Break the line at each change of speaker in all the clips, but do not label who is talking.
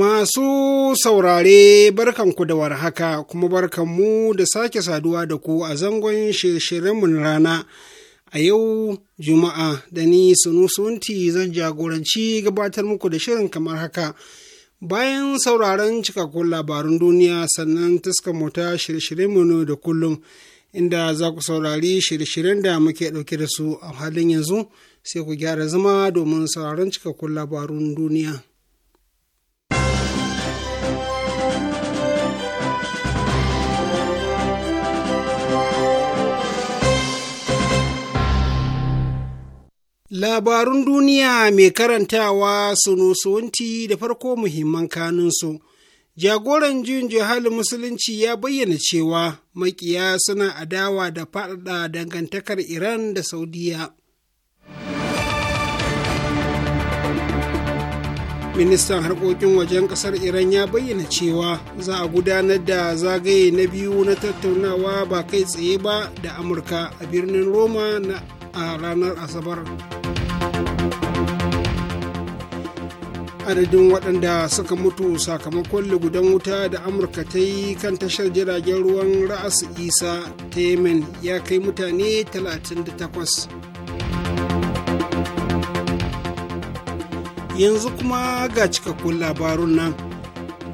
Masu saurare barkanku da warhaka kuma barkanmu da sake saduwa da ku a zangon shirye na rana a yau Juma'a da ni Sunusunti zan jagoranci gabatar muku da shirin kamar haka. Bayan sauraron cikakkun labarun duniya sannan taska mota shirye-shiryenmu da kullum inda za ku saurari shirye-shiryen da muke ɗauke da su a halin yanzu sai ku gyara zama domin sauraron cikakkun labarun duniya. Labarun duniya mai karantawa su sunusunti da farko muhimman kanunsu. Jagoran jin jihalin Musulunci ya bayyana cewa makiya suna adawa da faɗaɗa dangantakar Iran da Saudiya. Ministan harkokin wajen ƙasar Iran ya bayyana cewa za a gudanar da zagaye na biyu na tattaunawa ba kai tsaye ba da Amurka a birnin Roma na a ranar asabar adadin waɗanda suka mutu sakamakon lugudan wuta da amurka ta yi kan tashar jiragen ruwan ra'as isa ta yemen ya kai mutane 38 yanzu kuma ga cikakkun labarun nan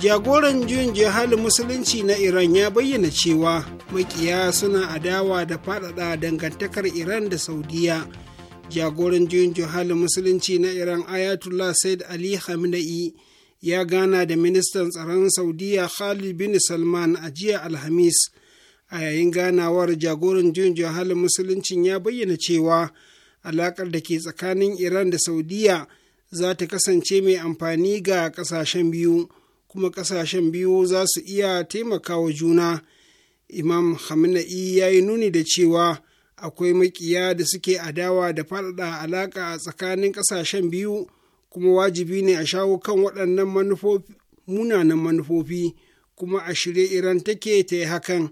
jagoran juyin jihalin musulunci na iran ya bayyana cewa makiya suna adawa da faɗaɗa dangantakar iran da saudiya jagoran juyin juhalin musulunci na iran ayatollah said ali khamenei ya gana da ministan tsaron saudiya khalid bin salman a jiya alhamis a yayin ganawar jagoran juyin juhalin musuluncin ya bayyana cewa alaƙar da ke tsakanin iran da saudiya za ta kasance mai amfani ga ƙasashen biyu kuma ƙasashen biyu za su iya taimakawa juna imam hamna'i ya yi nuni da cewa akwai makiya da suke adawa da faɗaɗa alaƙa a tsakanin ƙasashen biyu kuma wajibi ne a shawo kan waɗannan manufofi munanan manufofi kuma a shirye iran take ta yi hakan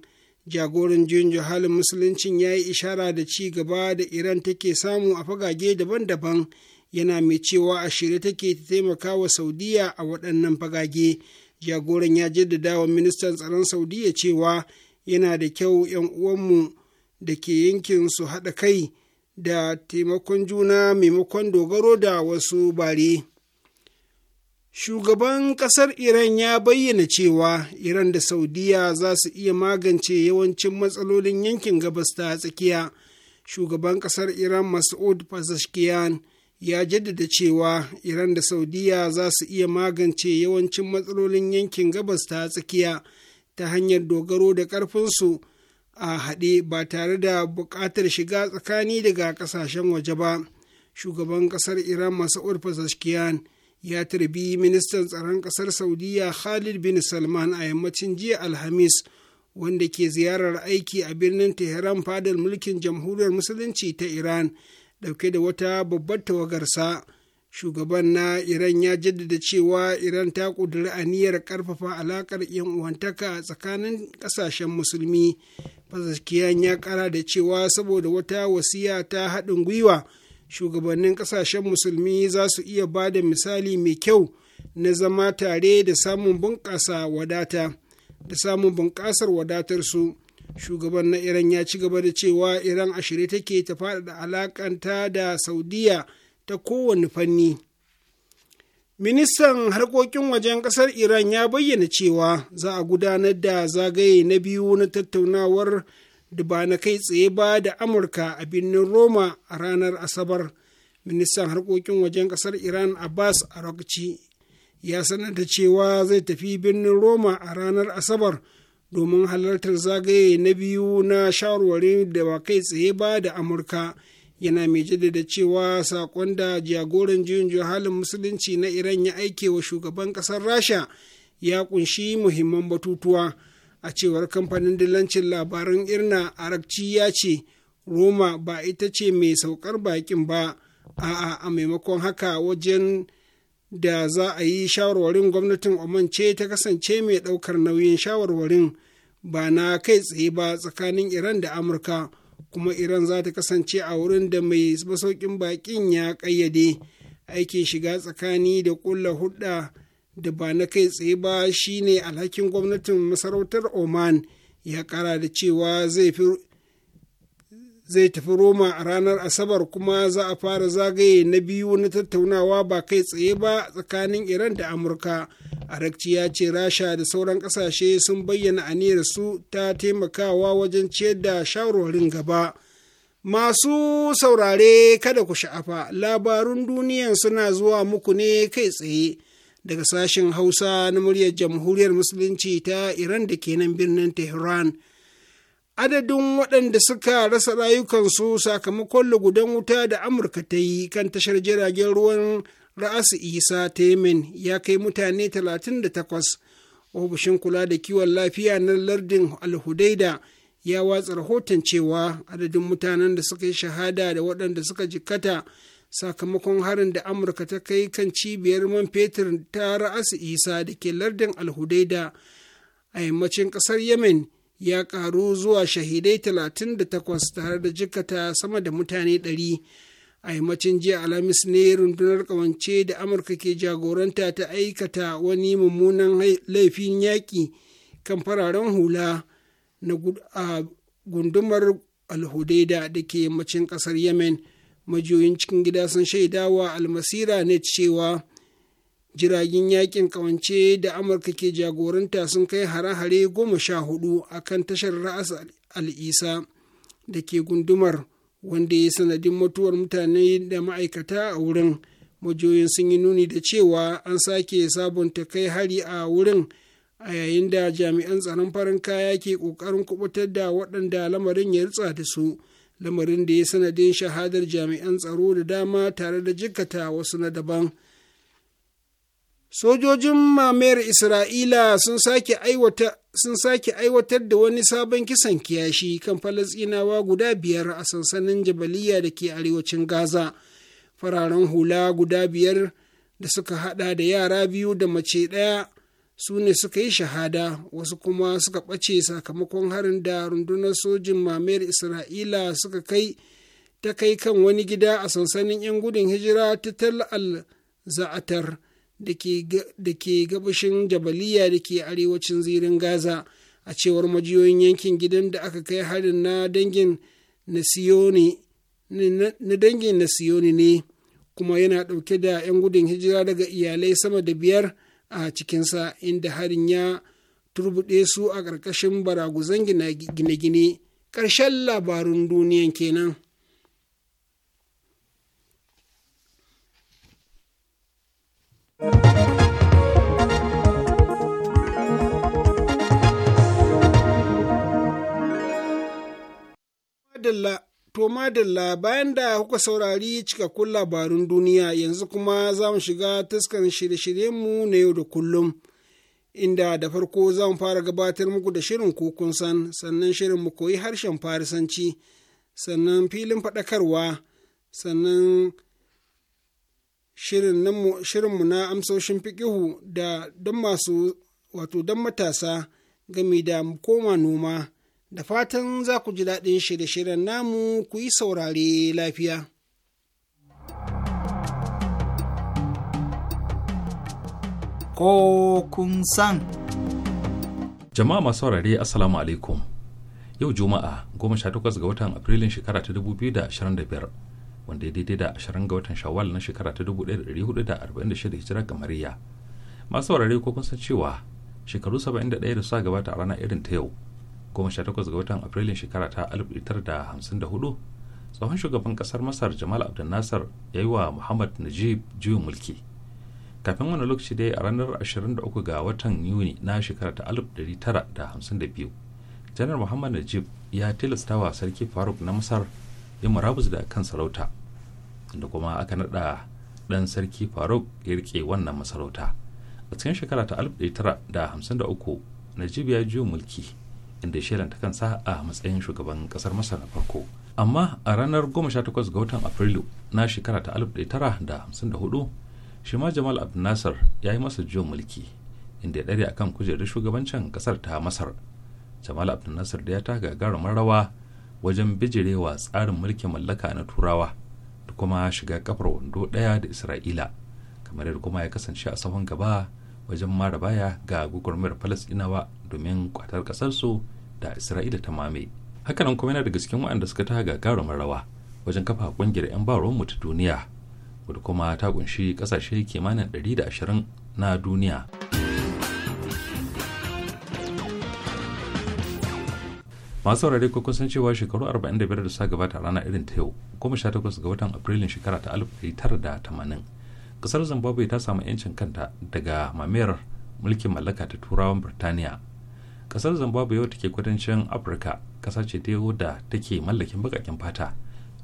jagoran jin halin musuluncin ya yi ishara da ci gaba da iran take samu a fagage daban-daban yana mai cewa a shirye take ta taimaka wa saudiya a waɗannan fagage jagoran ya jaddada wa ministan tsaron saudiya cewa yana da kyau 'yan uwanmu da ke yankin su haɗa kai da taimakon juna maimakon dogaro da wasu bare. Shugaban ƙasar Iran ya bayyana cewa Iran da Saudiya za su iya magance yawancin matsalolin yankin gabas ta tsakiya. Shugaban ƙasar Iran Mas'ud Pezeshkian ya jaddada cewa Iran da Saudiya za su iya magance yawancin matsalolin yankin gabas ta tsakiya ta hanyar dogaro da ƙarfinsu a haɗe ba tare da buƙatar shiga tsakani daga ƙasashen waje ba shugaban ƙasar iran masa'ud pezeshkian ya tarbi ministan tsaron ƙasar saudiya khalid bin salman a yammacin jiya alhamis wanda ke ziyarar aiki a birnin tehran fadar mulkin jamhuriyar musulunci ta iran ɗauke da wata babbar tawagarsa shugaban na iran ya jaddada cewa iran ta ƙudiri aniyar ƙarfafa alaƙar uwantaka a tsakanin ƙasashen musulmi fasaskiyan ya kara da cewa saboda wata wasiya ta haɗin gwiwa shugabannin ƙasashen musulmi za su iya ba da misali mai kyau na zama tare da samun bunƙasa wadata da samun bunƙasar su shugaban na iran ya ci gaba da cewa iran a shirye take ta faɗaɗa alaƙanta da saudiya ta kowane fanni ministan harkokin wajen ƙasar iran ya bayyana cewa za a gudanar da zagaye na biyu na tattaunawar da ba na kai tsaye ba da amurka a birnin roma a ranar asabar ministan harkokin wajen ƙasar iran abbas arakci ya sanar da cewa zai tafi birnin roma a ranar asabar domin halartar zagaye na biyu na shawarwari da ba kai tsaye ba da amurka yana mai jaddada cewa sakon da jagoran juyin halin musulunci na iran ya aike wa shugaban ƙasar rasha ya ƙunshi muhimman batutuwa a cewar kamfanin dillancin labaran irna arakci ya ce roma ba ita ce mai saukar bakin ba a'a a maimakon haka wajen da za a yi shawarwarin gwamnatin oman ce ta kasance mai ɗaukar nauyin shawarwarin ba na kai tsaye ba tsakanin iran da amurka kuma iran za ta kasance a wurin da mai masaukin bakin ya ƙayyade aiki shiga tsakani da ƙulla hudda da ba na kai tsaye ba shine alhakin gwamnatin masarautar oman ya kara da cewa zai fi zai tafi Roma a ranar Asabar kuma za a fara zagaye na biyu na tattaunawa ba kai tsaye ba tsakanin Iran da Amurka. Arakci ya ce Rasha da sauran kasashe sun bayyana su ta taimakawa wajen ciyar da shawarwarin gaba. Masu saurare kada ku sha'afa, labarun duniyan suna zuwa muku ne kai tsaye daga sashen Hausa na muryar Jamhuriyar Musulunci ta Iran da kenan birnin Tehran. adadin waɗanda suka rasa rayukansu sakamakon lugudan wuta da amurka ta yi kan tashar jiragen ruwan ra'asu isa ta yemen ya kai mutane 38 ofishin kula da kiwon lafiya na lardin alhudaida ya watsa rahoton cewa adadin mutanen da suka yi shahada da waɗanda suka jikkata sakamakon harin da amurka ta kai kan cibiyar man fetur ta ra'asu isa da ke lardin alhudaida a yammacin ƙasar yemen ya karu zuwa shahidai 38 tare da jikata sama da mutane 100 a yammacin jiya alhamis ne rundunar kawance da amurka ke jagoranta ta aikata wani mummunan laifin yaƙi kan fararen hula na gundumar alhudaida da ke yammacin ƙasar yemen majiyoyin cikin gida sun shaidawa almasira ne cewa jiragen yakin kawance da amurka ke jagoranta sun kai hare-hare goma sha hudu a kan tashar ra'as al'isa da ke gundumar wanda ya sanadin mutuwar mutane da ma'aikata a wurin majoyin sun yi nuni da cewa an sake sabunta kai hari a wurin a yayin da jami'an tsaron farin kaya ke kokarin kubutar da waɗanda lamarin ya ritsa da su lamarin da ya sanadin shahadar jami'an tsaro da dama tare da jikkata wasu na daban sojojin mamayar isra'ila sun sake aiwatar da wani sabon kisan kiyashi kan falasinawa guda biyar a sansanin jabaliya da ke arewacin gaza fararen hula guda biyar da suka hada da yara biyu da mace ɗaya su ne suka yi shahada wasu kuma suka ɓace sakamakon harin da rundunar sojin mamayar isra'ila suka kai ta kai kan wani gida a sansanin 'yan gudun hijira ta tal al za'atar da ke gabashin jabaliya da ke arewacin zirin gaza a cewar majiyoyin yankin gidan da aka kai harin na dangin nasiyoni ne kuma yana ɗauke da 'yan gudun hijira daga iyalai sama da biyar a cikinsa inda harin ya turbuɗe su a ƙarƙashin baraguzan gine-gine ƙarshen labarun duniyan kenan. To madalla bayan da kuka saurari cikakkun labarun duniya yanzu kuma za mu shiga taskar shirye-shiryenmu na yau da kullum. Inda da farko za mu fara gabatar muku da shirin kukun san, sannan shirin mu koyi harshen farisanci, sannan filin faɗakarwa, sannan shirinmu na amsoshin fikihu da don masu wato don matasa game da mu koma noma da fatan za ku ji daɗin shirye-shiryen namu ku yi saurare lafiya.
Ko kun san. Jama'a masu saurare Assalamu alaikum. Yau Juma'a 18 ga watan Afrilun shekara ta biyar wanda ya daidai da ashirin ga watan shawwal na shekara ta dubu da da da hudu arba'in shida hijira ga mariya masu saurare ko kun san cewa shekaru saba'in da da suka gabata a rana irin ta yau sha takwas ga watan afrilun shekara ta hudu tsohon shugaban kasar masar jamal abdul nasar ya yi wa muhammad najib juyin mulki kafin wani lokaci dai a ranar 23 ga watan yuni na shekara ta 1952 janar muhammad najib ya tilasta wa sarki faruk na masar ya murabus da kan sarauta da kuma aka naɗa ɗan sarki faruk ya rike wannan masarauta a cikin shekara ta 1953 najib ya juyo mulki inda shelanta kansa a matsayin shugaban kasar masar na farko amma a ranar 18 ga watan afrilu na shekara ta 1954 shi ma jamal abdulnasar ya yi masa juyin mulki inda ya ɗare akan kujerar shugabancin kasar ta masar jamal abdulnasar da ya ta gagarumar rawa wajen bijirewa tsarin mulkin mallaka na turawa kuma shiga kafar wando ɗaya da isra'ila kamar yadda kuma ya kasance a sahun gaba wajen mara baya ga gwagwarmayar falasɗinawa domin kwatar ƙasarsu da isra'ila ta mame hakanan kuma yana daga cikin waɗanda suka ta gagara rawa wajen kafa ƙungiyar 'yan mu ta duniya wadda kuma ta kunshi ƙasashe kimanin 120 na duniya. masu saurare ko kusan cewa shekaru 45 da suka gabata rana irin ta yau goma sha takwas ga watan afrilun shekara ta tamanin kasar zimbabwe ta samu 'yancin kanta daga mamayar mulkin mallaka ta turawan birtaniya kasar zimbabwe yau ke kudancin afirka kasa ce ta yau da take mallakin bakakin fata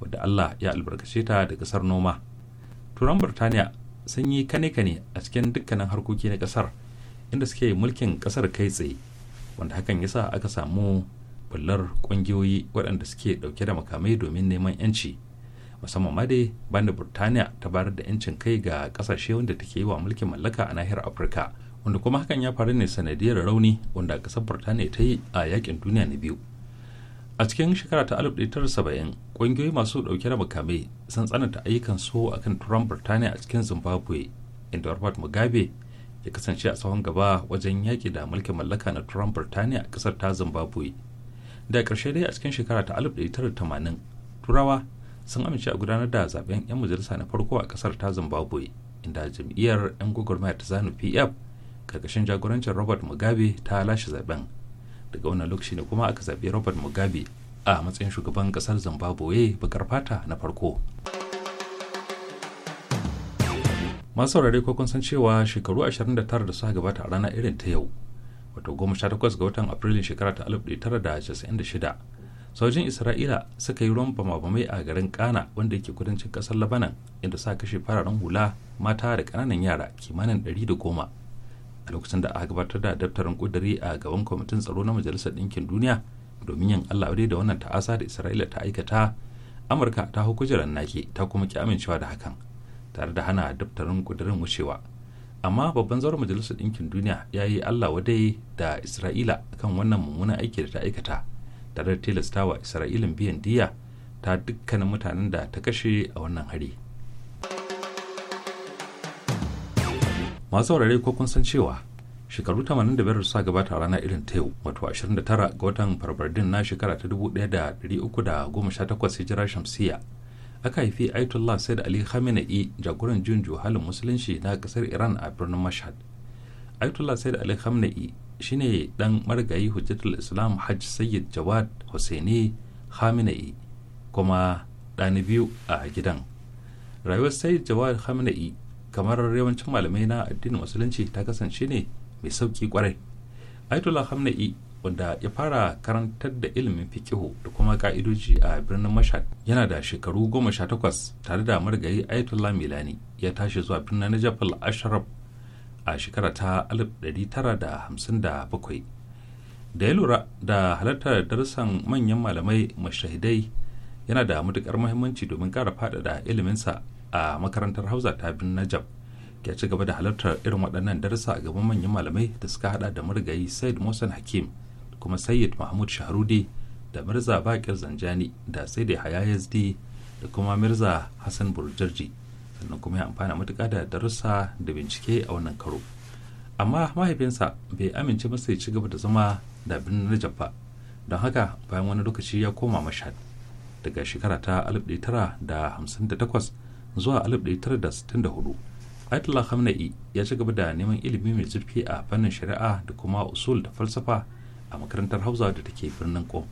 wadda allah ya albarkace ta da kasar noma turawan birtaniya sun yi kane-kane a cikin dukkanin harkoki na kasar inda suke mulkin kasar kai tsaye wanda hakan yasa aka samu bullar kungiyoyi waɗanda suke ɗauke da makamai domin neman 'yanci musamman ma dai banda burtaniya ta bayar da 'yancin kai ga ƙasashe wanda take yi wa mulkin mallaka a nahiyar afirka wanda kuma hakan ya faru ne sanadiyar rauni wanda ƙasar burtaniya ta yi a yakin duniya na biyu a cikin shekara ta 1970 ƙungiyoyi masu ɗauke da makamai sun tsananta ayyukan a kan turan burtaniya a cikin zimbabwe inda robert mugabe ya kasance a tsawon gaba wajen yaƙi da mulkin mallaka na turan burtaniya a ƙasar ta zimbabwe da ƙarshe dai a cikin shekara ta 1980 turawa sun amince a gudanar da zaben 'yan majalisa na farko a ƙasar ta zimbabwe inda jam'iyyar 'yan gwagwarmaya ta zanu pf karkashin jagorancin robert mugabe ta lashe zaben daga wannan lokaci ne kuma aka zaɓi robert mugabe a matsayin shugaban ƙasar zimbabwe bakar fata na farko masu saurare ko kun san cewa shekaru 29 da suka gabata a rana irin ta yau wato 18 ga watan afrilun shekara ta 1996 saujin isra'ila suka yi ruwan bamabamai a garin kana wanda yake kudancin kasar labanan inda sa kashe fararen hula mata da kananan yara kimanin da goma a lokacin da aka gabatar da daftarin kudiri a gaban kwamitin tsaro na majalisar ɗinkin duniya domin yin allah da wannan ta'asa da isra'ila ta aikata amurka ta hukujiran nake ta kuma ki amincewa da hakan tare da hana daftarin kudirin wucewa amma babban zauren majalisar ɗinkin duniya ya yi allah wadai da isra'ila kan wannan mummunan aiki da ta aikata tare da tilastawa isra'ilin biyan diya ta dukkanin mutanen da ta kashe a wannan hari masu saurare ko kun san cewa shekaru 85 sa gabata rana irin ta yau wato 29 ga watan farfardin na shekara ta 1318 hijira shamsiyya aka haifi ayatollah said ali khamenei jagoran jin halin musulunci na kasar iran a birnin mashhad ayatollah said ali khamenei shine dan margayi hujjatul islam hajj sayyid jawad hussaini khamenei kuma ɗani biyu a gidan rayuwar sayyid jawad khamenei kamar yawancin malamai na addinin musulunci ta kasance ne mai sauki kwarai ayatollah khamenei wanda ya fara karantar da ilimin fikihu da kuma ka'idoji a birnin mashad. yana da shekaru goma sha takwas tare da marigayi ayatollah milani ya tashi zuwa birnin najaf fal ashraf a shekara ta 1957 da hamsin da ya lura da halartar darussan manyan malamai mashahidai yana da matukar muhimmanci domin kara faɗaɗa iliminsa a makarantar hausa ta birnin najab ya ci gaba da halartar irin waɗannan darussa a manyan malamai da suka hada da marigayi said musan hakim kuma sayyid mahmud shahrudi da mirza bakir zanjani da sai da haya yazdi da kuma mirza hassan burjarji sannan kuma ya amfana matuƙa da darussa da bincike a wannan karo amma mahaifinsa bai amince masa ya ci gaba da zama da birnin najaf ba don haka bayan wani lokaci ya koma mashhad daga shekara ta 1958 zuwa 1964 Ayatollah Khamenei ya ci gaba da neman ilimi mai zurfi a fannin shari'a da kuma usul da falsafa a makarantar hausa da take birnin kom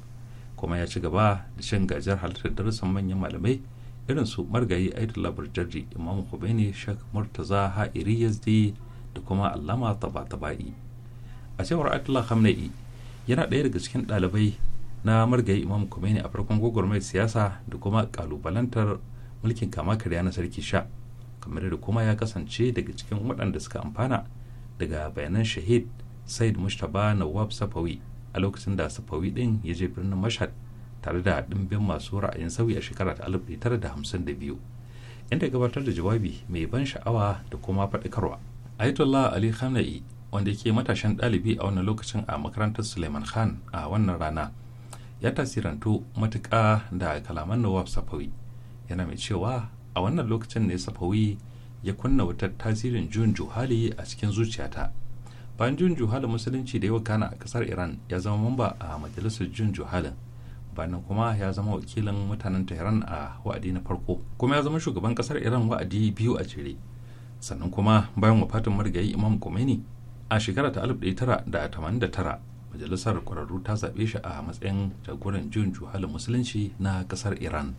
kuma ya ci gaba da shan gajiyar halittar darussan manyan malamai irin su margayi aidullah burjardi imam khomeini shek murtaza ha'iri yazdi da kuma allama taba taba'i a cewar aidullah khamenei yana ɗaya daga cikin ɗalibai na margayi imam khomeini a farkon mai siyasa da kuma kalubalantar mulkin kama karya na sarki sha kamar da kuma ya kasance daga cikin waɗanda suka amfana daga bayanan shahid said mustapha nawab safawi a lokacin da safawi din ya je birnin mashhad tare da dimbin masu ra'ayin sauyi a shekara ta 1952 inda ya gabatar da jawabi mai ban sha'awa da kuma faɗakarwa ayatollah ali khamenei wanda ke matashin ɗalibi a wannan lokacin a makarantar suleiman khan a wannan rana ya tasirantu matuƙa da kalaman nawab safawi yana mai cewa a wannan lokacin ne safawi ya kunna wutar tasirin jun juhali a cikin zuciyata bayan jun juhalin musulunci da yawa kana a kasar iran ya zama mamba a majalisar junju juhalin bayan kuma ya zama wakilin mutanen tehran a wa'adi na farko kuma ya zama shugaban kasar iran wa'adi biyu a jere sannan kuma bayan wafatin marigayi imam khomeini a shekara ta 1989 majalisar kwararru ta zaɓe shi a matsayin jagoran jun juhalin musulunci na kasar iran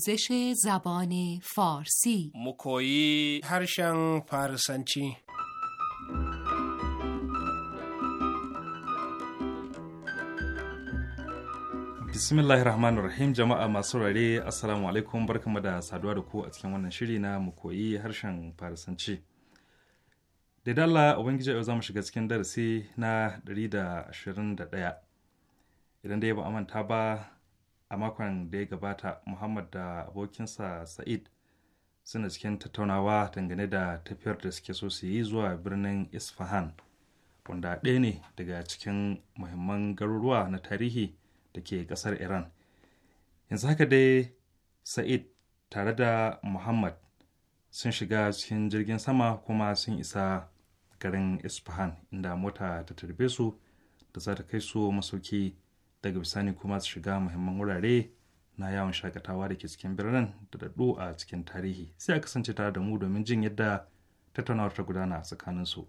آموزش زبان فارسی
مکویی هرشن فارسنچی
bismillahir rahmanir rahim jama'a masu rare assalamu alaikum barkamu da saduwa da ku a cikin wannan shiri na mu koyi harshen farisanci da dalla ubangiji yau za mu shiga cikin darasi na ɗari da ɗaya idan dai ba a manta ba a makon da ya gabata muhammad da abokinsa sa'id suna cikin tattaunawa dangane da tafiyar da suke so su yi zuwa birnin isfahan wanda ɗaya ne daga cikin muhimman garuruwa na tarihi da ke ƙasar iran yanzu haka dai sa'id tare da muhammad sun shiga cikin jirgin sama kuma sun isa garin isfahan inda mota ta tarbe su da za ta kai su masauki daga bisani kuma su shiga muhimman wurare na yawon shakatawa da ke cikin birnin da daɗo a cikin tarihi sai a kasance tare da mu domin jin yadda tattaunawar ta gudana a su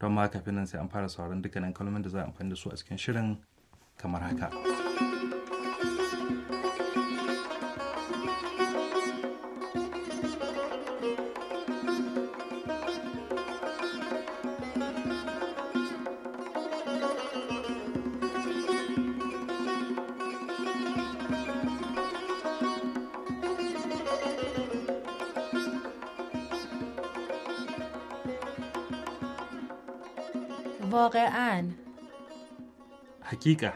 don ma kafin nan sai an fara sauran dukkanin kalmomin da za a amfani da su a cikin shirin kamar haka.
واقعا حقیقه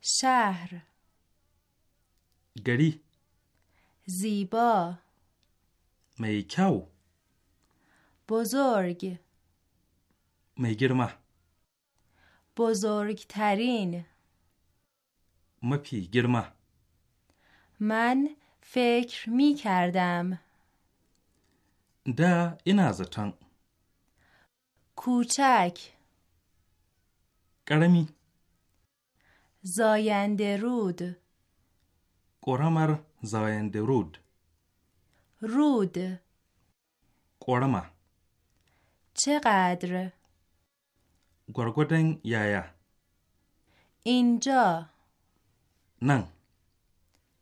شهر گری زیبا
میکو
بزرگ میگرما بزرگترین
مپی گرمه
من فکر می کردم
ده این از
کوچک قرمی زاینده رود
قرمر زاینده رود
رود قرمه چقدر
گرگودن یایا
اینجا نن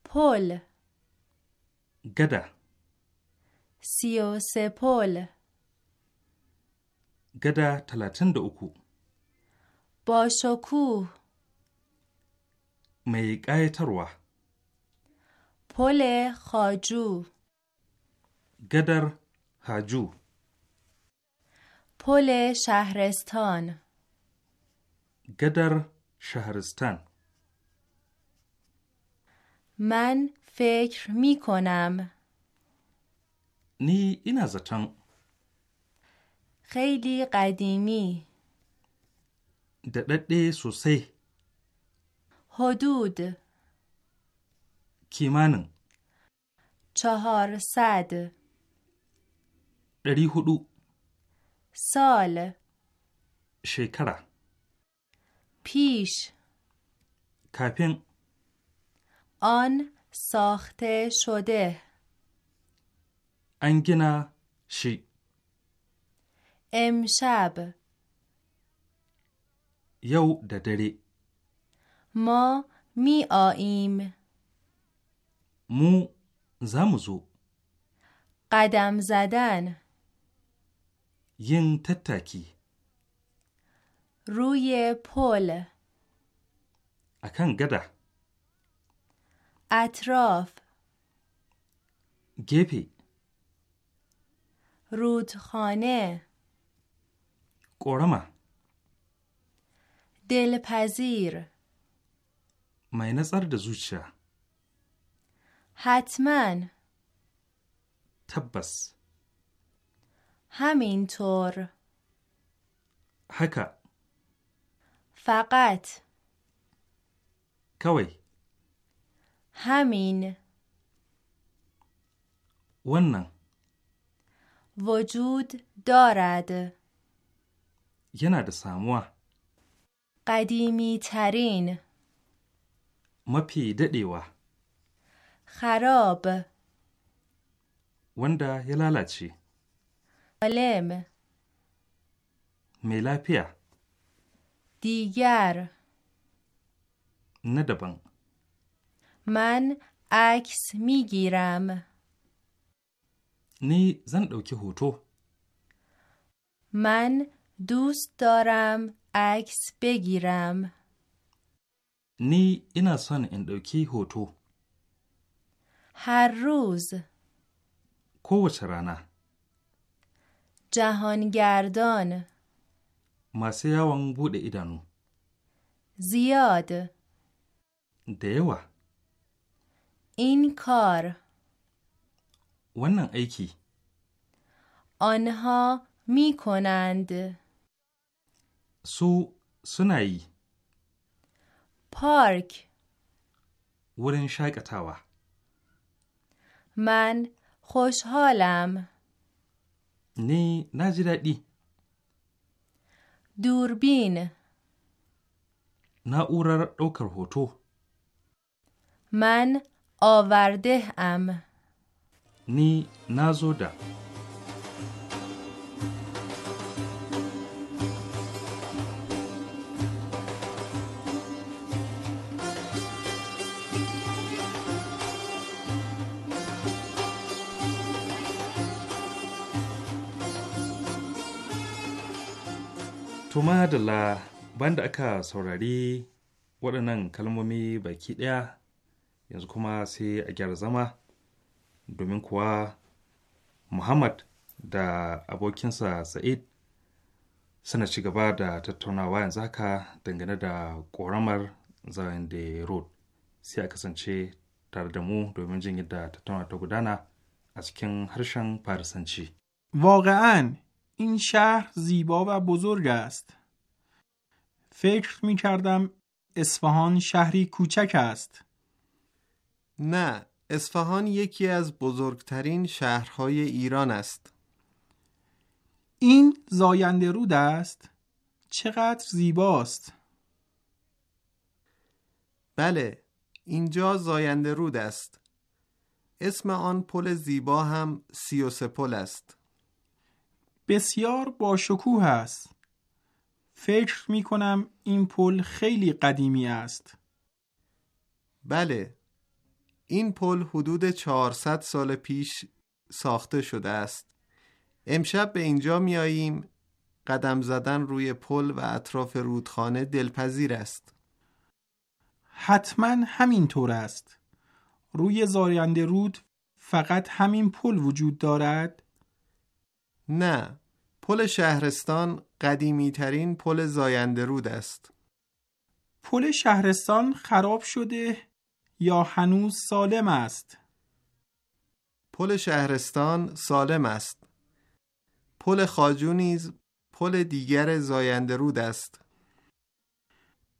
پل گده سی و سه پل
گده تلاتن اوکو اکو با می تروه
پل خاجو
گدر هاجو
پل شهرستان
گدر شهرستان
من فکر می کنم
نی این ازتان
خیلی قدیمی
دردی سوسی
حدود چهار چهارصد
دری حدود.
سال شکر پیش کپین آن ساخته شده
انگینا شی
امشب
یو ددری
ما می آییم
مو زمزو
قدم زدن
ین تتکی
روی پل
اکن گده
اطراف گپی رودخانه Ƙorama. دلپذیر
mai nazar da zuciya.
Hatman.
Tabbas.
Hamintor. Haka. Fakat. Kawai. Hamin. Wannan. Wujud darad.
yana da samuwa.
Ƙadimitarin. tarin
Mafi daɗewa.
Harab.
Wanda ya lalace.
Alem.
Mai lafiya.
Digar. Na daban. Man aks migiram.
Ni zan ɗauki hoto.
Man aks دوست دارم عکس بگیرم.
نی اینا سان این دوکی هوتو.
هر روز.
کو چرانا.
جهانگردان.
مسیح وان بود ایدانو.
زیاد. دیوا. این کار.
ونن ایکی.
آنها می
سو سنایی
پارک
ورن شاکتاوا
من خوشحالم
نی نجردی
دوربین
ناورر دوکر تو
من آورده ام
نی نازوده To madalla banda aka saurari waɗannan kalmomi baki ɗaya yanzu kuma sai a gyara zama domin kuwa Muhammad da abokinsa Sa'id suna ci gaba da tattaunawa yanzu haka dangane da ƙoramar da Road sai a kasance tare da mu domin jin yadda tattauna ta gudana a cikin harshen Farisanci.
این شهر زیبا و بزرگ است. فکر می کردم اصفهان شهری کوچک است. نه، اصفهان یکی از
بزرگترین شهرهای ایران است. این زاینده رود است. چقدر زیباست. بله، اینجا زاینده رود است. اسم آن پل
زیبا هم سی و پل است. بسیار شکوه است. فکر می کنم این پل خیلی قدیمی است. بله. این پل حدود 400 سال
پیش ساخته شده است. امشب به اینجا میاییم قدم زدن روی پل و اطراف رودخانه دلپذیر است.
حتما طور است. روی زارینده رود فقط همین پل وجود دارد. نه پل شهرستان
قدیمی ترین پل زاینده رود است پل شهرستان خراب شده یا هنوز سالم است پل شهرستان سالم است پل خاجو نیز پل
دیگر زاینده رود است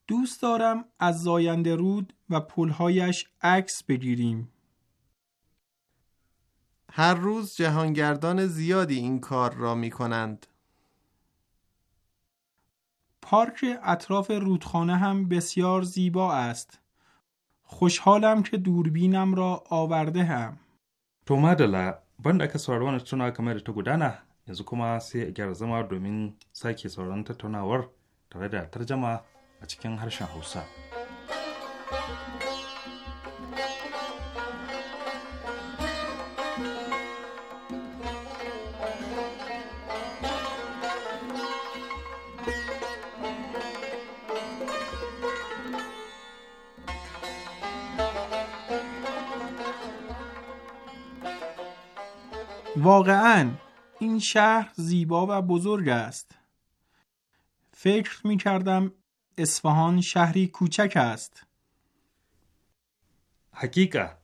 دوست دارم از زاینده رود و پلهایش عکس بگیریم
هر روز جهانگردان زیادی این کار را می کنند.
پارک اطراف رودخانه هم بسیار زیبا است.
خوشحالم که دوربینم را آورده هم. تو مدلا بند اکا سواروانا تنا کمیر تو گدانا yanzu سی sai دومین gyara zama domin sake sauran tattaunawar tare ترجمه tarjama a cikin حوصا.
واقعا این شهر زیبا و بزرگ است فکر می کردم اسفهان شهری کوچک است
حقیقه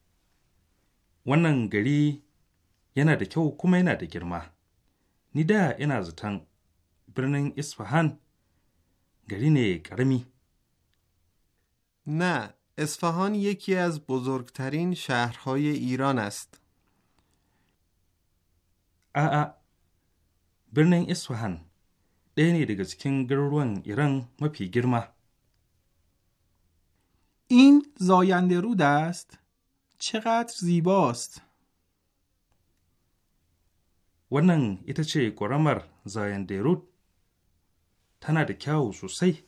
و گری یه ندکه kyau کمه ینا da girma ni da ina zaton birnin isfahan گری نه
اسفهان یکی از بزرگترین شهرهای ایران است
A'a, birnin Isfahan ɗaya ne daga cikin garuruwan Iran mafi girma.
این زاینده رود است چقدر زیباست
wannan ita ce ƙoramar zayenderud rud tana da kyawu sosai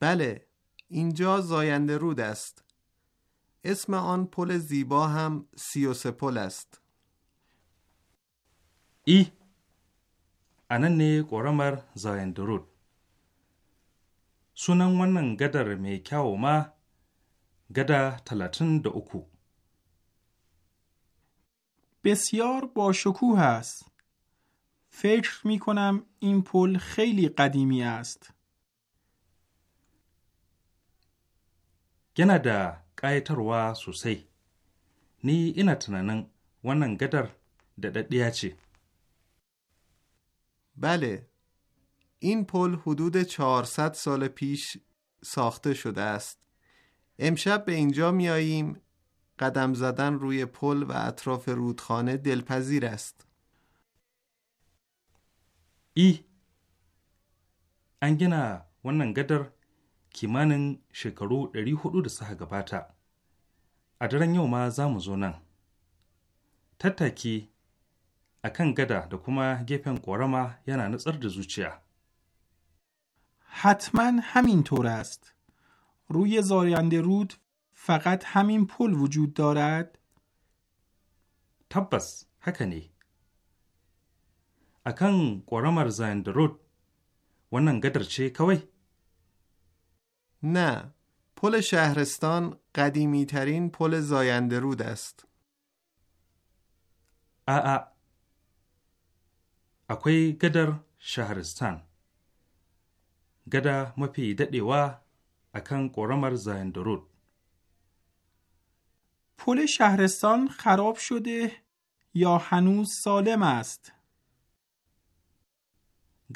بله
اینجا زاینده رود است اسم آن پل زیبا هم
سی و سه پل است E a nan ne ƙoramar Zayandurud. Sunan wannan gadar mai kyawo ma gada talatin da uku. بسیار با شکوه است. فکر
می کنم این پل خیلی قدیمی
yana da ƙayatarwa sosai. Ni ina tunanin wannan gadar da ce. بله این پل حدود 400 سال پیش
ساخته شده است امشب به اینجا میاییم قدم زدن روی پل و اطراف رودخانه دلپذیر است
ای an wannan gadar kimanin shekaru 400 da suka gabata a daren yau ma za mu zo nan tattaki a kan gada da kuma gefen ƙorama yana nutsar da zuciya.
حتما همینطور است. روی زاینده رود فقط همین پل وجود دارد؟
تبس هکنی اکن قرامر زاینده رود ونن گدر چه کوی؟
نه پل شهرستان قدیمی ترین پل زاینده رود است.
آ اکوی گدر شهرستان گدر مپی ددیوا اکن قرمر زهندرود پل شهرستان
خراب شده یا هنوز سالم است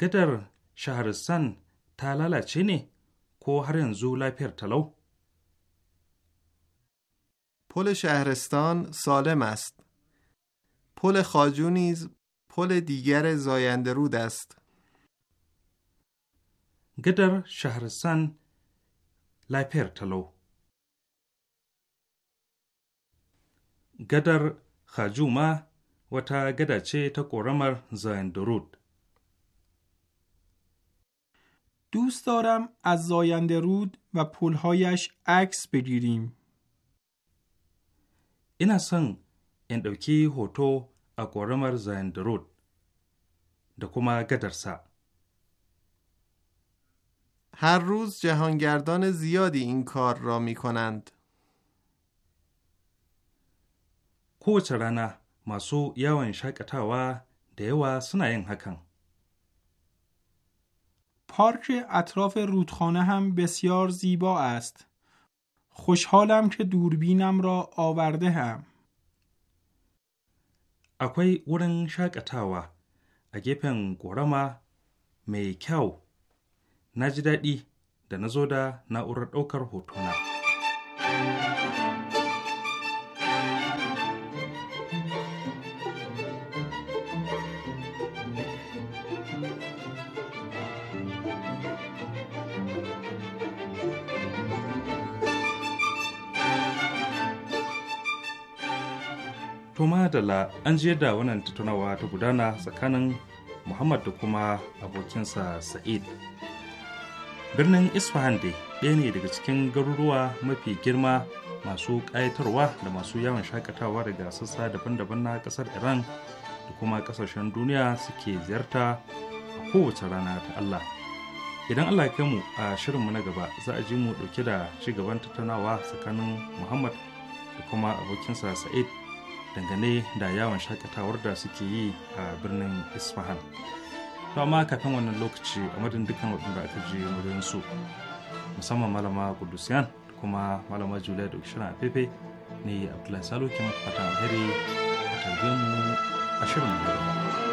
گدر شهرستان ta چه ne کو هر yanzu پل شهرستان
سالم است. پل خاجو نیز پل دیگر زاینده
رود است. گدر سن لایپرتلو گدر خجوما و تا گدچه چه تا قرمر زاینده رود.
دوست دارم
از زاینده رود و پلهایش عکس بگیریم. این اصلا اندوکی هوتو. a ƙoramar Road da kuma gadarsa. هر روز جهانگردان زیادی این کار را می کنند. kowace ماسو یا yawon shakatawa دیوا yawa حکن پارک اطراف رودخانه هم بسیار
زیبا است. خوشحالم که دوربینم را آورده هم.
Akwai wurin shakatawa a gefen ƙorama mai kyau. Na ji daɗi da na zo da na'urar ɗaukar hotona. adala an je da wannan tattaunawa ta gudana tsakanin muhammad da kuma abokinsa sa'id birnin isfahan dai ɗaya ne daga cikin garuruwa mafi girma masu ƙayatarwa da masu yawon shakatawa daga sassa daban-daban na ƙasar iran da kuma ƙasashen duniya suke ziyarta a kowace rana ta allah idan allah ya mu a shirinmu na gaba za a ji mu ɗauke da ci gaban tattaunawa tsakanin muhammad da kuma abokinsa sa'id dangane da yawon shakatawar da suke yi a birnin isfahan to amma kafin wannan lokaci a madin dukkan waɗanda aka je su musamman malama kudusiyan kuma malama julia da shirin a fefe ne abdullahi salo ke fatan alheri a tarbiyyar mu a shirin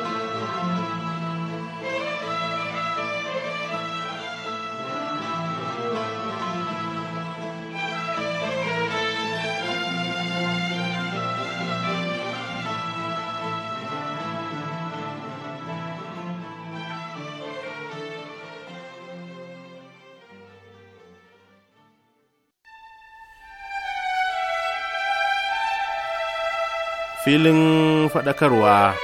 filin faɗakarwa.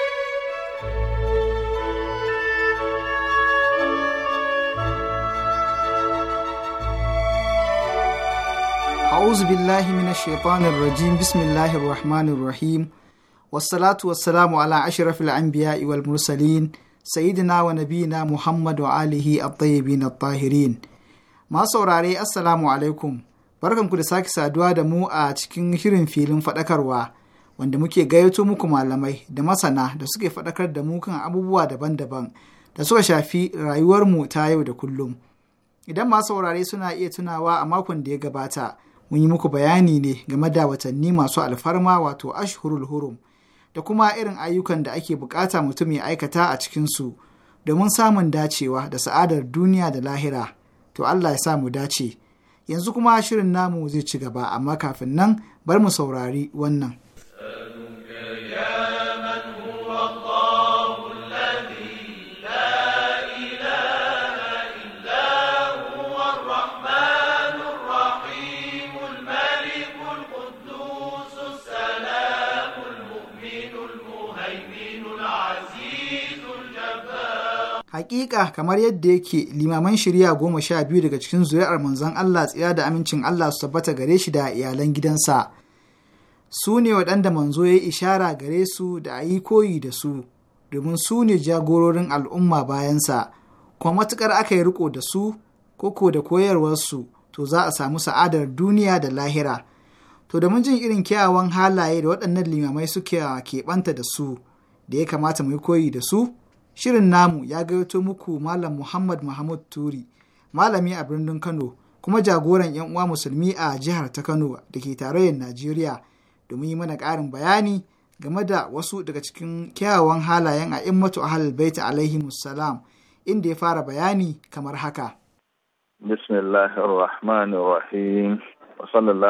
A'udhu billahi minash shaitanir rajim bismillahir rahmanir rahim wassalatu wassalamu ala ashrafil anbiya'i wal mursalin sayyidina wa nabiyina Muhammad wa alihi at-tayyibin at-tahirin Ma saurare assalamu alaikum barkanku da sake saduwa da mu a cikin shirin filin faɗakarwa. wanda muke gayyato muku malamai da masana da suke faɗakar da mu kan abubuwa daban-daban da suka shafi rayuwarmu ta yau da kullum. Idan masu saurare suna iya tunawa a makon da ya gabata, mun yi muku bayani ne game da watanni masu alfarma wato ashhurul hurum da kuma irin ayyukan da ake bukata mutum ya aikata a cikin su domin samun dacewa da sa'adar duniya da lahira. To Allah ya sa mu dace. Yanzu kuma shirin namu zai ci gaba amma kafin nan bar mu saurari wannan. Hakika kamar yadda yake limaman shirya goma sha biyu daga cikin zuri'ar manzon Allah tsira da amincin Allah su tabbata gare shi da iyalan gidansa. Su ne waɗanda manzo ya ishara gare su da a yi koyi da su, domin su ne jagororin al'umma bayansa, kuma matukar aka yi riko da su, koko da koyarwarsu, to za a samu sa'adar duniya da lahira. To da mun jin irin kyawawan halaye da waɗannan limamai suke keɓanta da su, da ya kamata mu yi koyi da su, Shirin namu ya gayyato muku Malam Muhammad Muhammad Turi, malami a birnin Kano, kuma jagoran 'yan uwa musulmi a jihar ta Kano da ke tarayyar Najeriya, domin yi mana karin bayani game da wasu daga cikin kyawawan halayen a immatu ahal baita alaihi musalam inda ya fara bayani kamar haka.
Bismillahirrahmanirrahim. Assalamu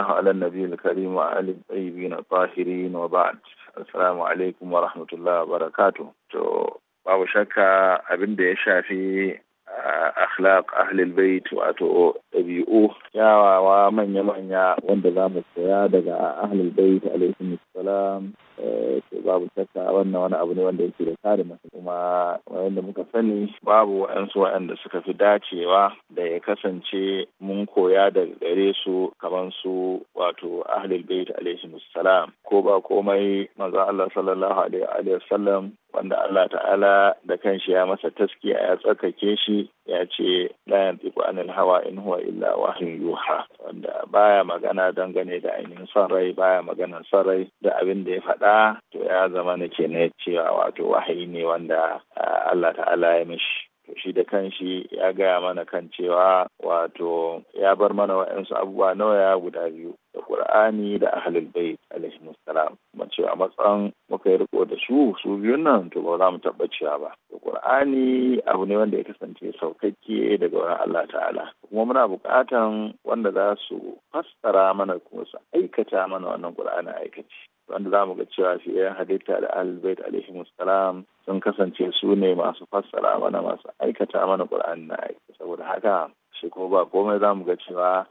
alaikum wa rahmatullahi wa barakatuh. To babu shakka abin da ya shafi ah, akhlaq ahlul bait wato ɗabi'u kyawawa manya-manya wanda za mu koya daga ahlul bait alaihi salam Eh, babu shakka wannan wani abu ne wanda yake da tsari masu kuma wanda muka sani babu wa'ansu wa'anda suka fi dacewa da ya kasance mun koya da gare su kamar su wato ahlul bait alaihi musallam ko ba komai manzo Allah sallallahu alaihi wa sallam wanda Allah ta'ala da kanshi ya masa taskiya ya tsarkake shi ya ce layan tiku anil hawa in huwa illa wahin yuha wanda baya magana dangane da ainihin son rai baya magana son rai da abin da ya faɗa to ya zama na ke na cewa wato wahayi ne wanda ah, Allah ta'ala ya mishi shi da kanshi ya gaya mana kan cewa wato ya bar mana wa'yansu abubuwa nawa ya guda biyu da qur'ani da ahlul bai alaihi salam kuma cewa matsan muka yi riko da su su biyun nan to ba za mu tabbaciya ba da qur'ani abu ne wanda ya kasance saukakke daga wurin Allah ta'ala kuma muna buƙatan wanda za su fassara mana kuma su aikata mana wannan qur'ani aikaci wanda za mu ga cewa shi ya halitta da albert alaihi musalam sun kasance su ne masu fassara mana masu aikata mana ƙur'an na saboda haka shi ko ba komai za mu ga cewa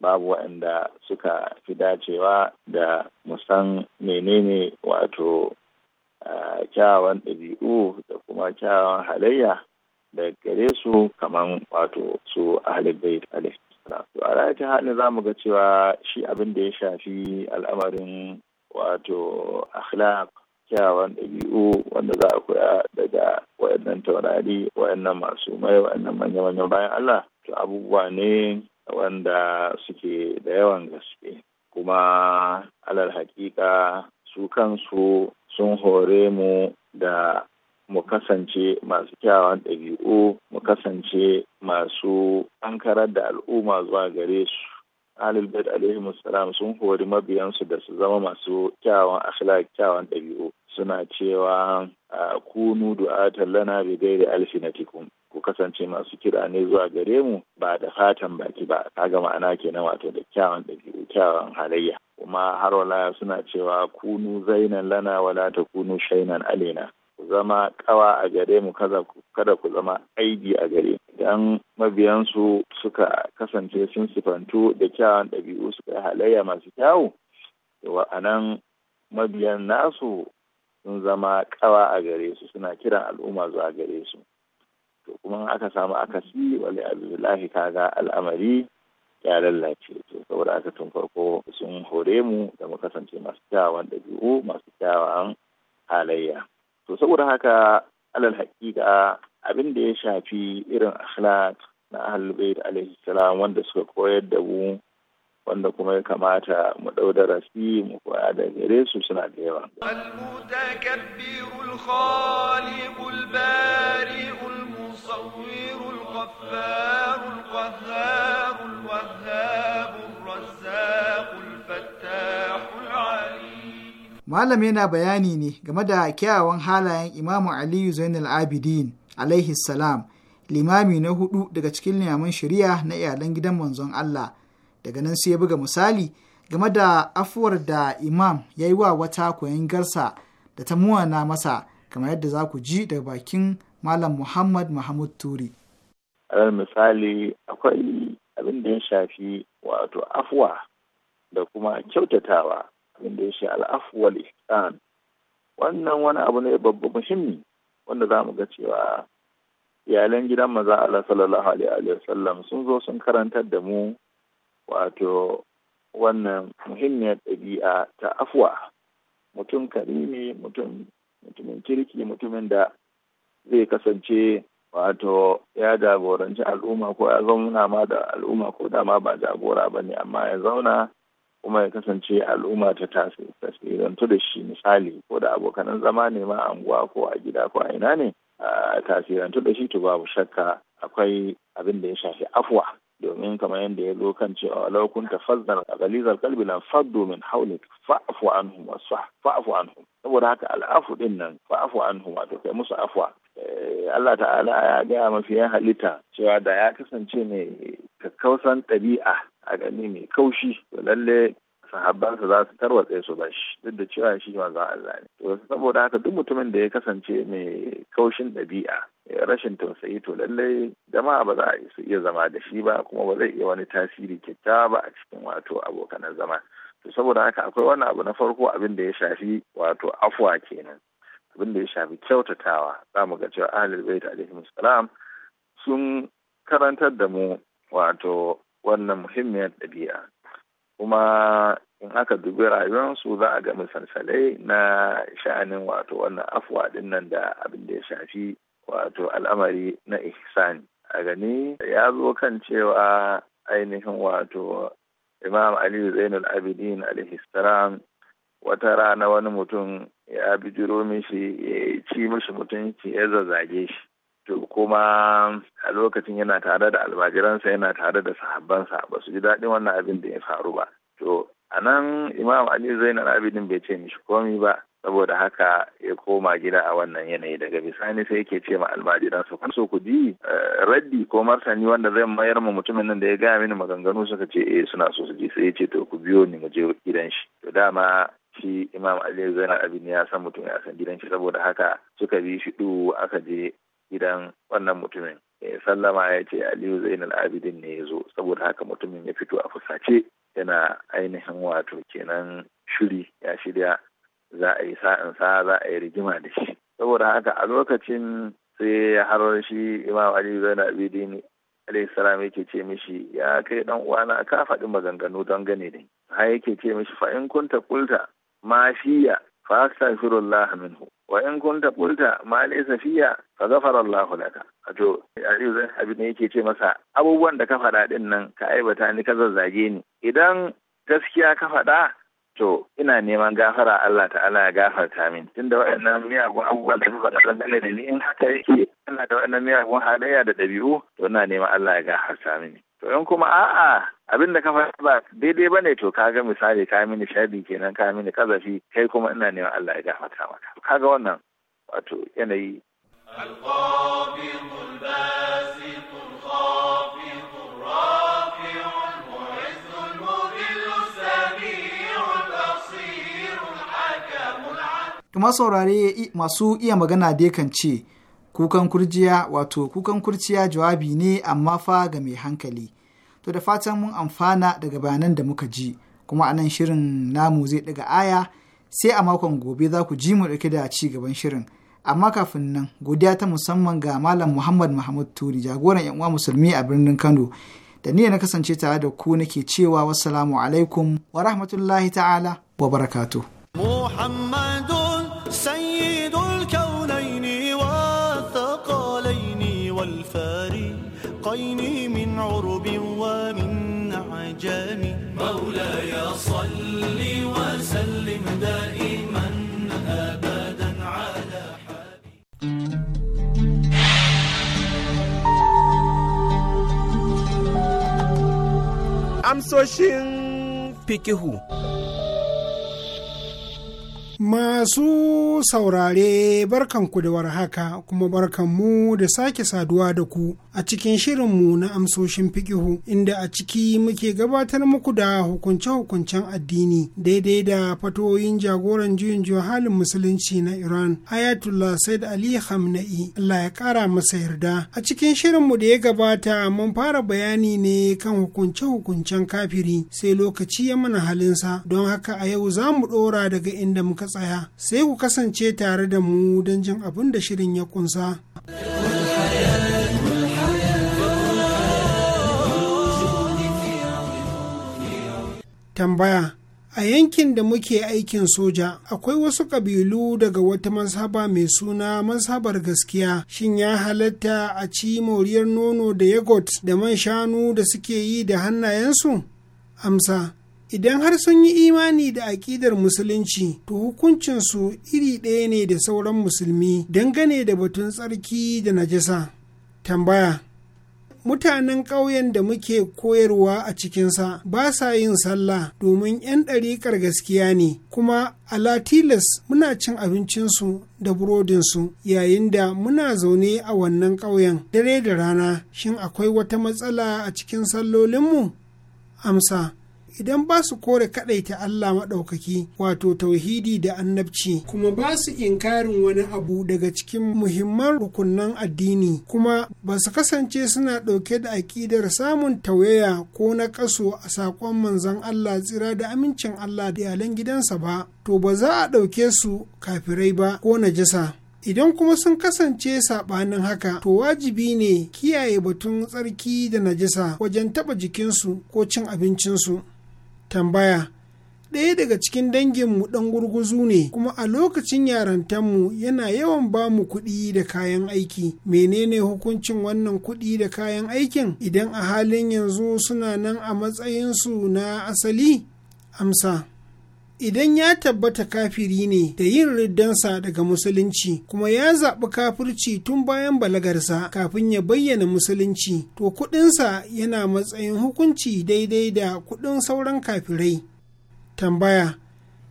babu waɗanda suka fi dacewa da musan menene wato kyawawan ɗabi'u da kuma kyawawan halayya da gare su kamar wato su ahalbait alaihi to a rayata halin za mu ga cewa shi abin da ya shafi al'amarin wato akhlaq kyawawan ɗabi'u wanda za a koya daga wayannan taurari wayannan masu mai wayannan manya manya bayan Allah to abubuwa ne wanda suke da yawan gaske kuma alal hakika su kansu sun hore mu da mu kasance masu kyawawan ɗabi'u mu kasance masu ankarar da al'umma zuwa gare su Ahlul Bayt alaihi salam sun hori mabiyansu da su zama masu kyawan akhlaq kyawan ɗabi'u suna cewa kunu du'atan lana bi ghairi alfinatikum ku kasance masu kira ne zuwa gare mu ba da fatan baki ba kaga ma'ana kenan wato da kyawan ɗabi'u kyawan halayya kuma har wala suna cewa kunu zainan lana wala ta kunu shainan alena ku zama kawa a gare mu kada ku zama aidi a gare idan mabiyansu suka kasance sun sifantu da kyawun ɗabi'u suka yi halayya masu kyawu to a mabiyan nasu sun zama kawa a gare su suna kiran al'umma zuwa gare su to kuma aka samu akasi wale abdullahi kaga al'amari ya lallace to saboda aka tun farko sun hore mu da mu kasance masu kyawawan ɗabi'u masu kyawawan halayya to saboda haka alal hakika abin da ya shafi irin akhlaq na ahlul bait alaihi salam wanda suka koyar da mu wanda kuma ya kamata mu ɗau darasi mu koya da gare su suna da yawa.
المصور الغفار القهار الوهاب
malam yana bayani ne game da kyawawan halayen imamu aliyu zainal abidin alaihi salam limami na hudu daga cikin limamin shari'a na iyalan gidan manzon allah daga nan sai ya buga misali game da afuwar da imam ya yi wa wata garsa da ta muwana masa kamar yadda za ku ji da bakin malam muhammad mahmud turi
alal misali akwai abin ya shafi wato afuwa da kuma kyautatawa inda ya shi al'afu wal ihsan wannan wani abu ne babba muhimmi wanda zamu ga cewa iyalan gidan maza Allah sallallahu alaihi wa sallam sun zo sun karantar da mu wato wannan muhimmiyar ɗabi'a ta afwa mutum karimi mutum mutumin kirki mutumin da zai kasance wato ya jagoranci al'umma ko ya zauna ma da al'umma ko dama ba jagora ba ne amma ya zauna kuma ya kasance al'umma ta tasu to da shi misali ko da abokanan zama ne ma unguwa ko a gida ko a ina ne to da shi to babu shakka akwai abin da ya shafi afuwa domin kamar yadda ya zo kan cewa walau kun a galizar kalbi lan faddu min haulik fa'fu anhum wasfah fa'fu anhum saboda haka al'afu din nan fa'fu anhum wato kai musu afwa eh, Allah ta'ala ya ga mafiyan halitta cewa da ya kasance ne kakkausan ɗabi'a a gani mai kaushi to lalle sahabbansa za su tarwatse su ba shi duk da cewa shi manzon Allah ne to saboda haka duk mutumin da ya kasance mai kaushin ɗabi'a rashin tausayi to lallai jama'a ba za a su iya zama da shi ba kuma ba zai iya wani tasiri kyakkyawa ba a cikin wato abokan zama to saboda haka akwai wani abu na farko abin da ya shafi wato afwa kenan abin da ya shafi kyautatawa za mu ga cewa ahlul bait alaihim salam sun karantar da mu wato wannan muhimmiyar ɗabi'a kuma in aka dubi rayuwarsu za a ga misalsalai na sha'anin wato wannan afuwa ɗin nan da abin da ya shafi wato al'amari na ihsani a gani ya zo kan cewa ainihin wato imam aliyu zainul abidin alhisram wata rana wani mutum ya bijiro mishi ya ci mishi mutunci ya zazage shi to kuma a lokacin yana tare da almajiransa yana tare da sahabbansa ba su ji daɗin wannan abin da ya faru ba to a nan imam ali zainal abidin bai ce mishi komi ba saboda haka ya koma gida a wannan yanayi daga bisani sai yake ce ma almajiransa su so ku ji eh, raddi ko martani wanda zai mayar ma mutumin nan da ya gaya mini maganganu suka ce eh suna so su ji sai ya ce to ku biyo ni mu je gidan shi to dama shi imam ali zainal abin ya san mutum ya san gidan shi saboda haka suka bi shi du aka je gidan wannan mutumin eh, sallama ya ce aliyu zainal abidin ne ya zo saboda haka mutumin ya fito a fusace yana ainihin wato kenan shiri ya shirya za a yi sa'insa za a yi rigima da shi saboda haka a lokacin sai har shi imam aliyu zainal abidin alayhi salam yake ce mishi ya kai dan uwana ka faɗi maganganu don gane da har yake ce mishi fa in kunta kulta ma fa astaghfirullah minhu wa in kunta qulta ma laysa fiya fa ghafara Allahu laka to Aliyu zan abin yake ce masa abubuwan da ka faɗa din nan ka aibata ni ka zazzage ni idan gaskiya ka faɗa to ina neman gafara Allah ta'ala ya gafarta min tunda waɗannan miyagun abubuwa da ka faɗa dangane da ni in haka yake ina da waɗannan miyagun halayya da ɗabi'u to ina neman Allah ya gafarta min to in kuma a'a abin da ka faɗa ba daidai ba ne to ka ga misali ka mini shaɗi kenan ka mini kazafi kai kuma ina neman Allah ya gafarta maka kaga wannan wato yanayi
Kuma saurare masu iya magana dai kan ce, kukan kurjiya wato kukan kurciya jawabi ne amma fa ga mai hankali To da fatan mun amfana daga bayanan da muka ji, kuma a nan shirin namu zai daga aya sai a makon gobe za ku ji mu dauke da ci gaban shirin. Amma kafin nan godiya ta musamman ga Malam Muhammad Muhammad Turi jagoran 'yan uwa musulmi a birnin Kano. Da ni na kasance tare da ku nake cewa wassalamu alaikum wa rahmatullahi ta'ala wa barakatuh. Muhammadun
I'm so shing. Pick who? Masu saurare barkanku da warhaka kuma barkan mu da sake saduwa da ku a cikin shirinmu na amsoshin fikihu inda a ciki muke gabatar muku da hukunce-hukuncen addini daidai da fatoyin jagoran juyin halin musulunci na Iran Ayatullah Said Ali Hamna'i Allah ya kara masa yarda. A cikin shirinmu da ya gabata mun fara bayani ne kan hukunce-hukuncen kafiri sai lokaci ya mana halinsa don haka a yau za mu ɗora daga inda muka tsaya sai ku kasance tare da mu don jin abin da shirin ya kunsa. Tambaya A yankin da muke aikin soja, akwai wasu ƙabilu daga wata mansaba mai suna mansabar gaskiya, shin ya halatta a ci moriyar nono da yagot da man shanu da suke yi da hannayensu? Amsa. idan har sun yi imani da aƙidar musulunci to hukuncinsu iri ɗaya ne da sauran musulmi dangane da batun tsarki da najasa tambaya mutanen ƙauyen da muke koyarwa a cikinsa ba sa yin sallah domin 'yan ɗariƙar gaskiya ne kuma ala tilas muna cin abincinsu da burodinsu yayin da muna zaune a wannan ƙauyen dare da rana shin akwai wata matsala a cikin sallolinmu amsa idan ba su kore kaɗaita Allah maɗaukaki wato tauhidi da annabci kuma ba su inkarin wani abu daga cikin muhimman rukunan addini kuma ba su kasance suna ɗauke da aƙidar samun tauyaya ko na kaso a saƙon manzan Allah tsira da amincin Allah da iyalan gidansa ba to ba za a ɗauke su kafirai ba ko najasa. idan kuma sun kasance saɓanin haka to wajibi ne kiyaye batun tsarki da najisa wajen taɓa jikinsu ko cin abincinsu. tambaya ɗaya daga cikin danginmu ɗan gurguzu ne kuma a lokacin yarantanmu yana yawan ba mu kuɗi da kayan aiki menene hukuncin wannan kuɗi da kayan aikin idan a halin yanzu suna nan a matsayinsu na asali amsa idan ya tabbata kafiri ne da yin riddansa daga musulunci kuma ya zaɓi kafirci tun bayan balagarsa kafin ya bayyana musulunci to kuɗinsa yana matsayin hukunci daidai da kuɗin sauran kafirai tambaya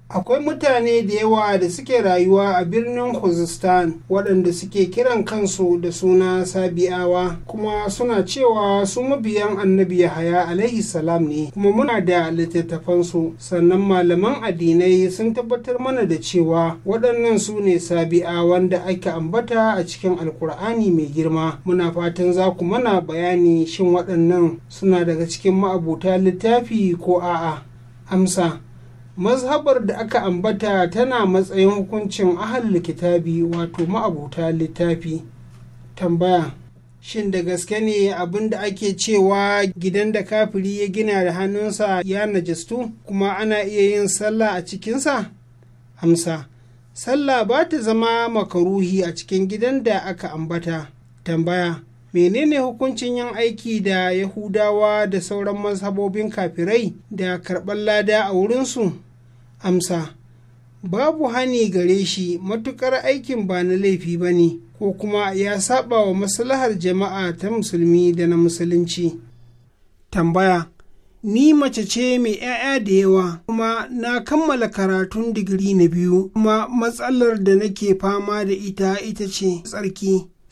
akwai mutane da yawa da suke rayuwa a birnin khuzistan waɗanda suke kiran kansu da suna sabi'awa kuma suna cewa su mabiyan annabi yahaya alaihi salam ne kuma muna da littattafansu sannan malaman addinai sun tabbatar mana da cewa waɗannan su ne sabi'awan da ake ambata a cikin alkur'ani mai girma muna fatan za ku mana bayani shin waɗannan suna daga cikin ma'abuta littafi ko a'a amsa mazhabar da aka ambata tana matsayin hukuncin ahal kitabi wato ma'abuta littafi tambaya shin da gaske ne abin da ake cewa gidan da kafiri ya gina da hannunsa ya najistu kuma ana iya yin sallah a cikinsa amsa sallah ba ta zama makaruhi a cikin gidan da aka ambata tambaya menene hukuncin yin aiki da yahudawa da sauran mazhabobin kafirai da karɓar lada a wurinsu amsa babu hani gare shi matukar aikin ba na laifi ba ne ko kuma ya saba wa maslahar jama'a ta musulmi da na musulunci tambaya ni mace ce mai 'ya'ya da yawa kuma na kammala karatun digiri na biyu kuma matsalar da nake fama da ita ita ce tsarki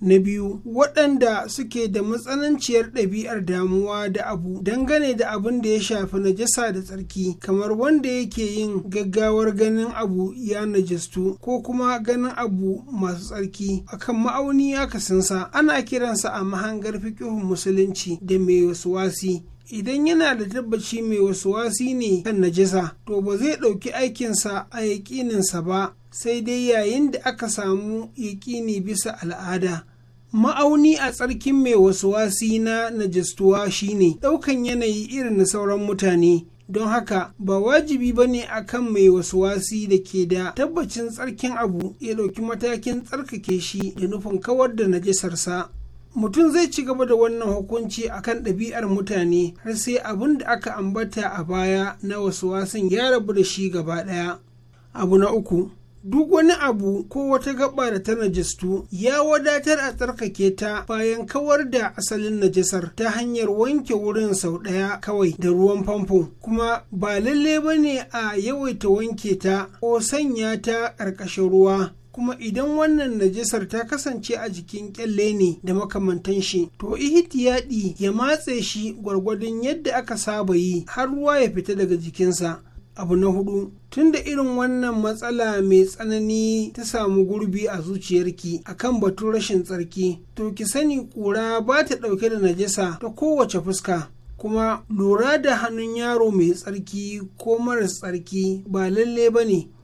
Na biyu, waɗanda suke da matsananciyar ɗabi'ar damuwa da abu dangane da abin da ya shafi najasa da tsarki, kamar wanda yake yin gaggawar ganin abu ya najastu ko kuma ganin abu masu tsarki akan ma'auni ya kasansa, ana kiransa a mahangar fikihun musulunci da mai wasu wasi. idan yana da tabbaci mai wasu wasi ne kan najasa to ba zai ɗauki aikinsa a yaƙininsa ba sai dai yayin da aka samu yaƙini bisa al'ada ma'auni a tsarkin mai wasu wasi na najistuwa shine ɗaukan yanayi irin na sauran mutane don haka ba wajibi ba ne a kan mai wasuwasi da ke da tabbacin tsarkin abu ya ɗauki matakin tsarkake shi da nufin kawar da najisarsa mutum zai ci gaba da wannan hukunci akan ɗabi'ar mutane har sai abin da aka ambata a baya na wasuwasin ya rabu da shi gaba ɗaya abu na uku duk wani abu ko wata gaba da ta najistu ya wadatar a tsarkake ta bayan kawar da asalin najasar ta hanyar wanke wurin sau ɗaya kawai da ruwan famfo kuma ba lalle ba ne a yawaita wanke ta ko sanya ta ƙarƙashin ruwa kuma idan wannan najisar ta kasance a jikin kyalle ne da makamantan shi to ihtiyadi ya matse shi gwargwadon yadda aka saba yi har ruwa ya fita daga jikinsa abu na hudu tunda irin wannan matsala mai tsanani ta samu gurbi a zuciyarki akan batun rashin tsarki to ki sani kura ba ta dauke da najasa ta kowace fuska kuma lura da hannun yaro mai tsarki ko maras tsarki ba lalle ba ne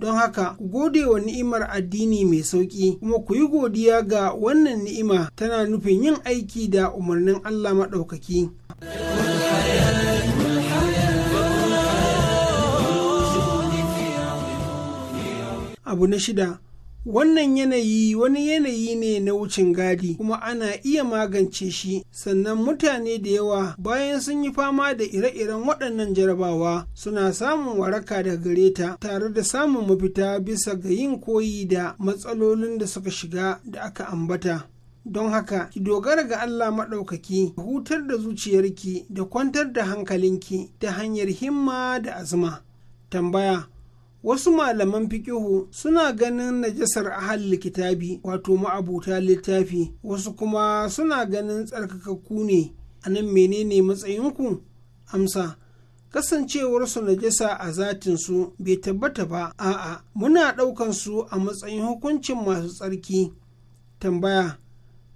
don haka ku gode wa ni'imar addini mai sauƙi kuma ku yi godiya ga wannan ni'ima tana nufin yin aiki da umarnin Allah maɗaukaki. abu na shida Wannan yanayi wani yanayi ne na wucin gadi kuma ana iya magance shi sannan mutane da yawa bayan sun yi fama da ire-iren waɗannan jarabawa suna samun waraka da gare ta tare da samun mafita bisa ga yin koyi da matsalolin da suka shiga da aka ambata. don haka ki dogara ga Allah maɗaukaki hutar da zuciyarki da kwantar da hankalinki ta hanyar himma da azuma. Tambaya wasu malaman fikihu suna ganin najasar hal kitabi wato ma'abuta littafi wasu kuma suna ganin tsarkakakku ne a nan menene matsayinku amsa kasancewarsu najasa a zatinsu bai tabbata ba a'a muna ɗaukansu a matsayin hukuncin masu tsarki tambaya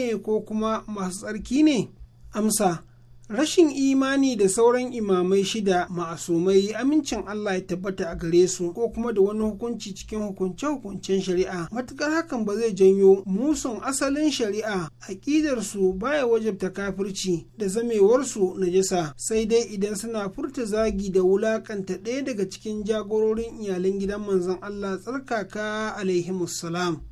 eh ko kuma masu tsarki ne amsa rashin imani da sauran imamai shida ma'asumai amincin Allah ya tabbata a gare su ko kuma da wani hukunci cikin hukunce-hukuncen shari'a matuƙar hakan ba zai janyo musun asalin shari'a aƙidar su baya wajabta kafirci da zamewarsu najasa sai dai idan suna furta zagi da wulaƙanta ɗaya daga cikin jagororin iyalan gidan manzon Allah tsarkaka alaihimussalam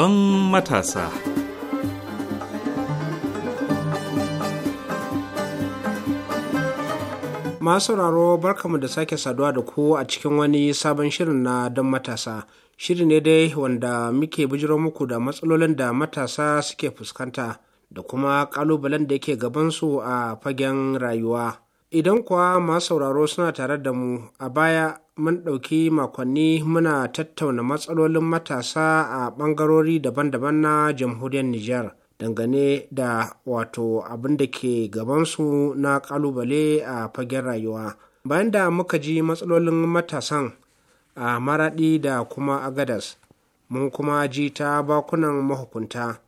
don matasa.
Masu sauraro barkamu da sake saduwa da ku a cikin wani sabon shirin na don matasa. Shiri ne dai wanda muke bijiro muku da matsalolin da matasa suke fuskanta da kuma ƙalubalen da yake gabansu a fagen rayuwa. Idan kuwa masu sauraro suna tare da mu a baya mun ɗauki makonni muna tattauna matsalolin matasa a ɓangarori daban-daban na jamhuriyar Nijar dangane da wato abin da ke gabansu na ƙalubale a fagen rayuwa. Bayan da muka ji matsalolin matasan a maraɗi da kuma agadas, mun kuma ji ta bakunan mahukunta.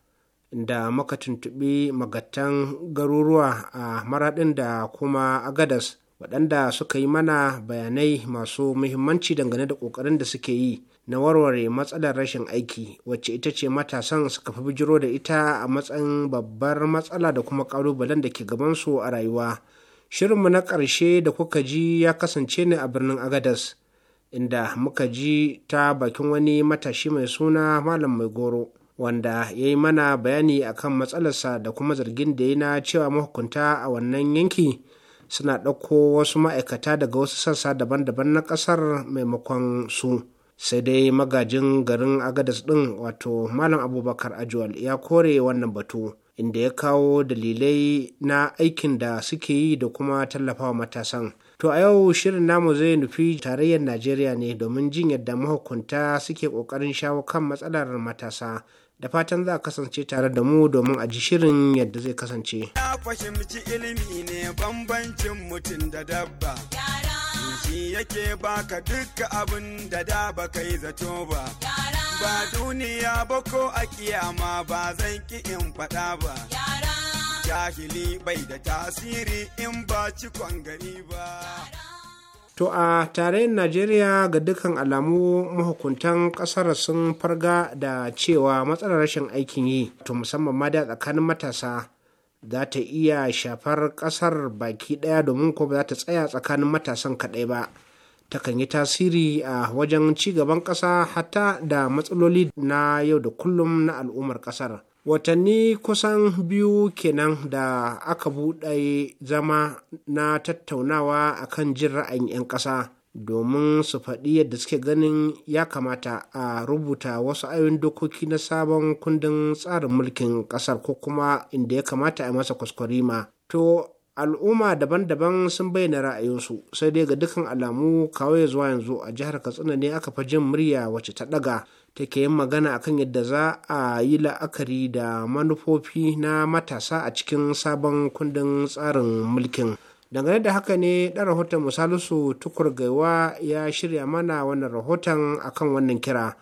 da muka tuntuɓi magatan garuruwa a maraɗin da kuma agadas waɗanda suka yi mana bayanai masu muhimmanci dangane da ƙoƙarin da suke yi na warware matsalar rashin aiki wacce ita ce matasan suka fi bijiro da ita a matsayin babbar matsala da kuma ƙalubalen da ke gabansu a rayuwa shirinmu na ƙarshe da kuka ji ya kasance ne a birnin agadas inda muka ji ta bakin wani matashi mai suna malam mai goro wanda ya yi mana bayani akan matsalarsa da kuma zargin da ya na cewa mahukunta a wannan yanki suna ɗauko wasu ma'aikata daga wasu sassa daban-daban na ƙasar maimakon su sai dai magajin garin agadas ɗin wato malam abubakar ajuwal ya kore wannan batu inda ya kawo dalilai na aikin da suke yi da kuma tallafawa matasan To a yau shirin namu zai nufi tarayyar Najeriya ne domin jin yadda mahukunta suke ƙoƙarin shawo kan matsalar matasa da fatan za a kasance tare da mu domin a ji shirin yadda zai kasance.
Na fahimci ilimi ne bambancin mutum da dabba. Shi yake baka dukkan abin da da baka yi zato ba. Ba duniya ba ko a kiyama ba zan ki in faɗa ba. Jahili bai da tasiri in ba cikon gari ba.
To a tarayyar Najeriya ga dukkan alamu mahukuntan ƙasar sun farga da cewa matsalar rashin aikin yi, to musamman ma da tsakanin matasa za ta iya shafar ƙasar baki ɗaya domin ko ba za ta tsaya tsakanin matasan kaɗai ba. Takan yi tasiri a wajen ci gaban ƙasa hatta da matsaloli na yau da kullum na al'ummar ƙasar. watanni kusan biyu kenan da aka buɗe zama na tattaunawa a kan jin ra'ayin 'yan ƙasa domin su faɗi yadda suke ganin ya kamata a rubuta wasu ayoyin dokoki na sabon kundin tsarin mulkin ƙasar ko kuma inda ya kamata a masa kwaskwarima to al'umma daban-daban sun bayyana ra'ayinsu sai dai ga dukkan alamu kawai zuwa yanzu a jihar katsina ne aka fi jin murya wacce ta ɗaga take yin magana akan yadda za a yi la'akari da manufofi na matasa a cikin sabon kundin tsarin mulkin dangane da haka ne ɗan rahoton misalisu tukur gaiwa ya shirya mana wannan rahoton akan wannan kira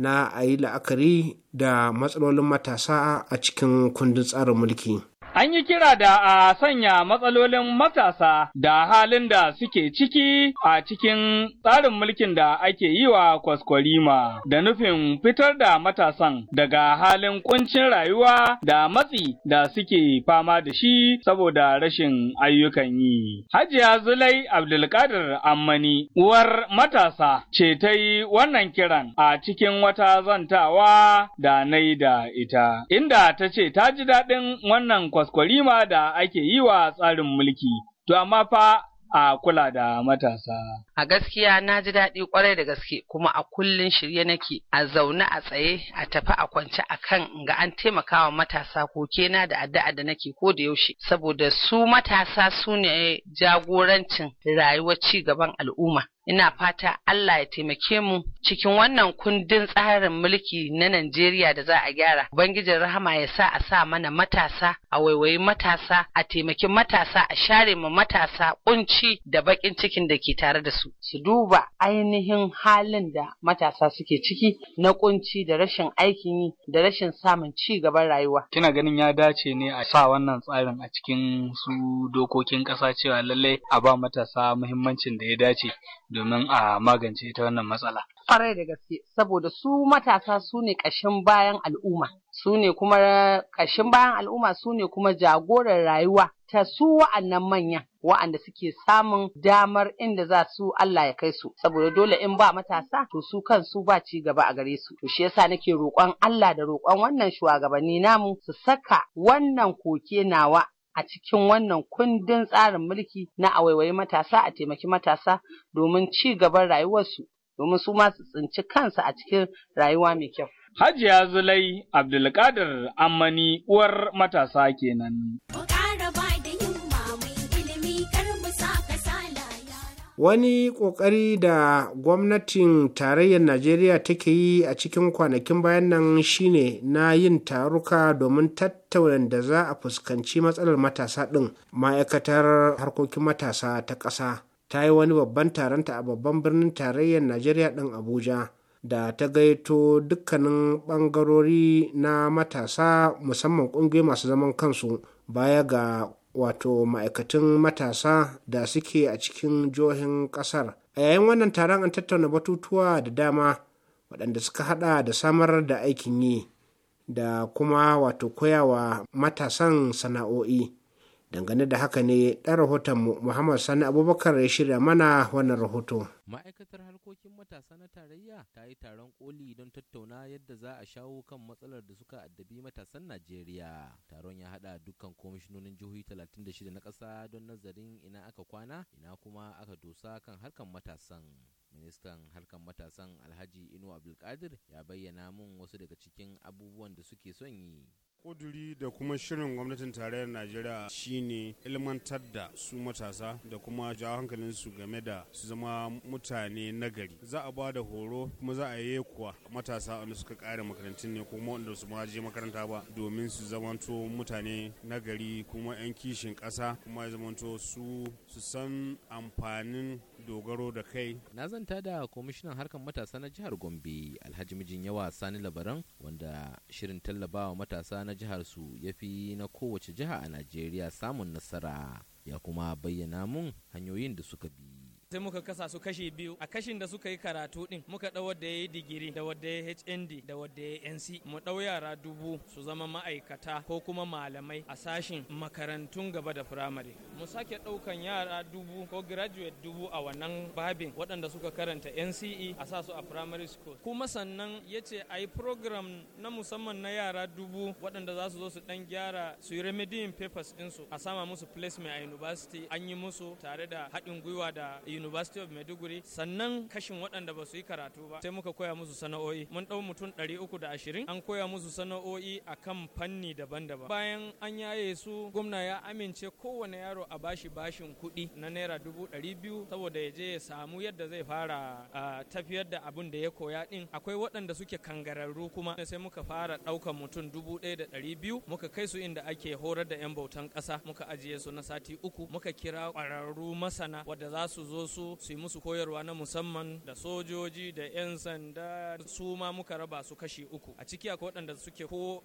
na a yi la'akari da matsalolin matasa a cikin kundin tsarin mulki
An yi kira da a sanya matsalolin matasa da halin da suke ciki a cikin tsarin mulkin da ake yi wa kwaskwarima da nufin fitar da matasan daga halin kuncin rayuwa da matsi da suke fama da shi saboda rashin ayyukan yi. Hajiya Zulai Abdulkadir Ammani uwar matasa ce ta yi wannan kiran a cikin wata zantawa da na yi da ita, inda ta ce ta ji daɗin wannan kwaskwarima. kwaskwarima da ake yi wa tsarin mulki, to amma fa a kula da matasa.
A gaskiya na ji daɗi kwarai da gaske kuma a kullum shirye nake a zaune a tsaye a tafi a kwance a kan ga an taimakawa matasa ko kena da addu'a da nake ko da yaushe saboda su matasa su ne jagorancin rayuwar ci gaban al'umma. ina fata Allah ya taimake mu cikin wannan kundin tsarin mulki na Najeriya da za a gyara ubangijin rahama ya sa a sa mana matasa a waiwayi matasa a taimaki matasa a share ma matasa kunci da bakin cikin da ke tare da su su duba ainihin halin da matasa suke ciki na kunci da rashin aikin yi da rashin samun ci gaban rayuwa
kina ganin ya dace ne a sa wannan tsarin a cikin su dokokin ƙasa cewa lallai a ba matasa muhimmancin da ya dace domin a magance ta wannan matsala.
Kwarai da gaske, saboda su matasa su ne ƙashin bayan al'umma, su ne kuma ƙashin bayan al'umma su ne kuma jagorar rayuwa ta su wa'annan manyan wa'anda suke samun damar inda za su Allah ya kai su saboda dole in ba matasa to su kansu ba ci gaba a gare su to shi yasa nake roƙon Allah da roƙon wannan shugabanni namu su saka wannan koke nawa a cikin wannan kundin tsarin mulki na a waiwayi matasa a taimaki matasa domin ci gaban rayuwarsu domin su masu su tsinci kansu a cikin rayuwa mai kyau.
Hajiya Zulai Abdulkadir Ammani uwar matasa kenan.
wani ƙoƙari da gwamnatin tarayyar najeriya take yi a cikin kwanakin bayan nan shine na yin taruka domin tattaunan da za a fuskanci matsalar matasa ɗin ma'aikatar harkokin matasa ta ƙasa ta yi wani babban taronta a babban birnin tarayyar najeriya ɗin abuja da ta gaito dukkanin bangarori na matasa musamman ƙungiyoyi masu zaman kansu baya ga wato ma'aikatan matasa da suke a cikin jihohin kasar a yayin wannan taron an tattauna batutuwa da dama waɗanda suka hada da samar da aikin yi da kuma wato koyawa matasan sana'o'i dangane da haka ne ɗan rahotonmu muhammad sani abubakar ya shirya mana wannan rahoto
ma'aikatar harkokin matasa na tarayya ta yi taron koli don tattauna yadda za a shawo kan matsalar da suka addabi matasan najeriya taron ya haɗa dukkan kwamishinonin jihohi 36 na ƙasa don nazarin ina aka kwana ina kuma aka dosa kan harkan matasan ministan harkan matasan alhaji inu abdulkadir ya bayyana mun wasu daga cikin abubuwan da suke son yi
ƙuduri da kuma shirin gwamnatin tarayyar najeriya shine ilmantar da su matasa da kuma jawo hankalinsu game da su zama mutane nagari za a ba da horo kuma za a yi kuwa matasa wanda suka kare makarantun ne kuma wanda su ma je makaranta ba domin su zamanto mutane nagari kuma 'yan kishin ƙasa kuma ya zamanto su su san amfanin dogaro da
kai na zanta da kwamishinan harkar matasa na jihar gombe alhaji mijin yawa sani labaran wanda shirin tallabawa matasa na jiharsu ya fi na kowace jiha a najeriya samun nasara ya kuma bayyana mun hanyoyin da suka bi sai muka kasa su
kashi biyu a kashin da suka yi karatu din muka dawo wadda ya digiri da wadda ya HND da wadda ya NC mu ɗau yara dubu su zama ma'aikata ko kuma malamai a sashin makarantun gaba da firamare mu sake ɗaukan yara dubu ko graduate dubu a wannan babin waɗanda suka karanta NCE a sa su a primary school kuma sannan ya ce a yi program na musamman na yara dubu waɗanda za su zo su ɗan gyara su yi remedying papers ɗinsu a sama musu placement a university an yi musu tare da haɗin gwiwa da University of Maiduguri sannan kashin waɗanda ba su yi karatu ba sai muka koya musu sana'o'i mun ɗau mutum ɗari uku da ashirin an koya musu sana'o'i a kan fanni daban-daban bayan an yaye su gwamna ya amince kowane yaro a bashi bashin kuɗi na naira dubu ɗari biyu saboda ya je ya samu yadda zai fara tafiyar da abin da ya koya ɗin akwai waɗanda suke kangararru kuma sai muka fara ɗaukan mutum dubu ɗaya da ɗari biyu muka kai su inda ake horar da 'yan bautan ƙasa muka ajiye su na sati uku muka kira ƙwararru masana wadda za su zo su su yi musu koyarwa na musamman da sojoji da 'yan sanda su ma muka raba su kashi uku a ciki akwai waɗanda suke ko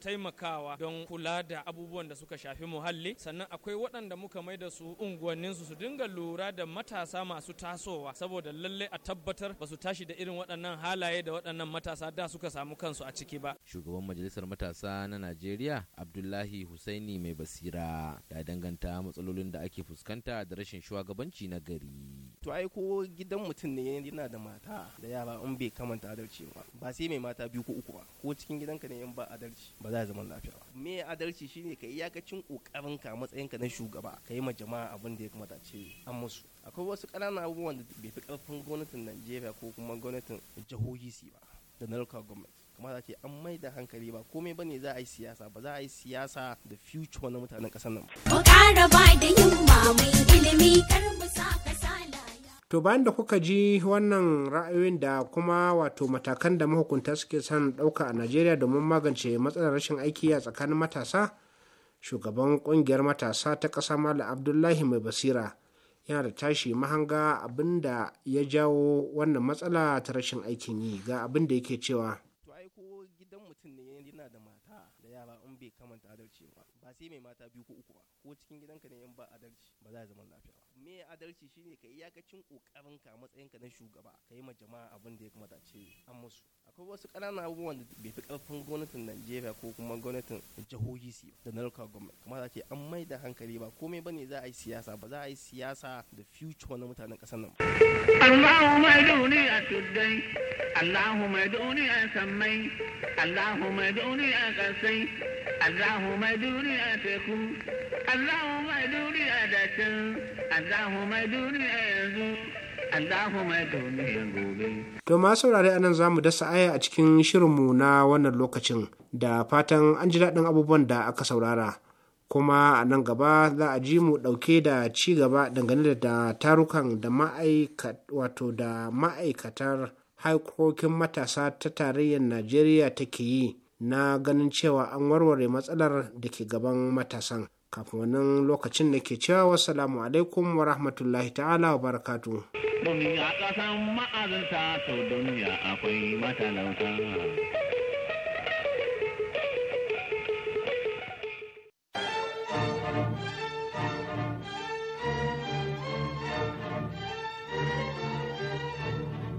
taimakawa don kula da abubuwan da suka shafi muhalli sannan akwai waɗanda muka mai da su unguwannin su su dinga lura da matasa masu tasowa saboda lalle a tabbatar ba su tashi da irin waɗannan halaye da waɗannan matasa da suka samu kansu a
ciki ba shugaban majalisar matasa na najeriya abdullahi husaini mai basira ya danganta matsalolin da ake fuskanta da rashin shugabanci na gari to ai ko
gidan mutum ne yana da mata da yara in bai kamanta adalci ba ba sai mai mata biyu ko uku ba ko cikin gidanka ne in ba adalci ba za a zaman lafiya ba me adalci shine ka iyakacin kokarin ka matsayin ka na shugaba ka yi ma jama'a abin da ya kamata ce an musu akwai wasu ƙananan abubuwan da bai fi karfin gwamnatin Najeriya ko kuma gwamnatin jihohi su ba da na local government kamar ce an mai da hankali ba komai bane za a yi siyasa ba za a yi siyasa da future na mutanen ƙasar nan ba. Mu ƙara ba da yin mamai ilimi kar
mu sa
To bayan da kuka ji wannan ra'ayoyin da kuma wato matakan da mahukunta suke son ɗauka a Najeriya domin magance matsalar rashin aiki a tsakanin matasa, shugaban ƙungiyar matasa ta ƙasa Malam Abdullahi Mai Basira yana da tashi mahanga abin da ya jawo wannan matsala ta rashin aikin yi ga abin da yake cewa.
ko mai mata biyu ko ko cikin gidanka ne in ba adalci ba za a zaman lafiya ba. me adalci shine ka yi iyakacin kokarin ka matsayin ka na shugaba ka yi ma jama'a abin da ya kamata ce an musu akwai wasu ƙananan abubuwan da bai fi ƙarfin gwamnatin Najeriya ko kuma gwamnatin jihohi su da na local government kamar ce an mai da hankali ba komai bane za a yi siyasa ba za a yi siyasa da future na mutanen ƙasar nan
Allahumma yad'uni a tuddai Allahumma yad'uni a sammai
Allahumma yad'uni a ƙasai Allahumma yad'uni a teku Allahumma yad'uni a dacin
To ma saurare anan za mu dasa aya a cikin shirinmu na wannan lokacin da fatan an ji daɗin abubuwan da aka saurara. kuma a nan gaba za a ji mu ɗauke da ci gaba dangane da tarukan da ma'aikatar haikokin matasa ta tarayyar najeriya take yi na ganin cewa an warware matsalar da ke gaban matasan kafin wannan lokacin da ke cewa wasalamu alaikum wa rahmatullahi ta'ala wa barakatu. Duniya ƙasan ma'azinta to duniya akwai matalauta.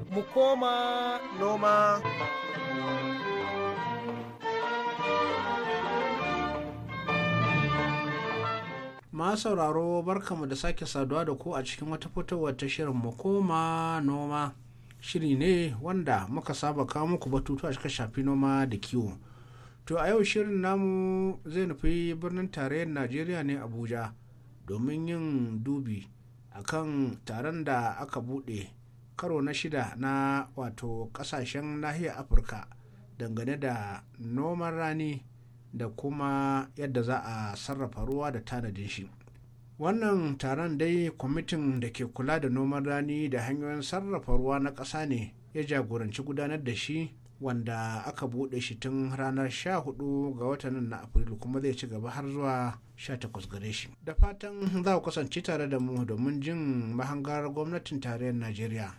Mu koma noma.
ma sauraro barkamu da sake saduwa da ku a cikin wata fitowar ta shirin mu koma noma shiri ne wanda muka saba kawo muku batutu a cikin shafi noma da kiwo to a yau shirin namu zai nufi birnin tarayyar najeriya ne abuja domin yin dubi akan taron da aka bude karo na shida na wato ƙasashen nahiyar afirka dangane da noman rani da kuma yadda za a sarrafa ruwa da tanadin shi wannan taron dai kwamitin da ke kula da noman rani da hanyoyin sarrafa ruwa na ƙasa ne ya jagoranci gudanar da shi wanda aka buɗe shi tun ranar 14 ga watan na afrilu kuma zai ci gaba har zuwa 18 gare shi da fatan za ku kasance tare da mu domin jin mahangar gwamnatin tarayyar najeriya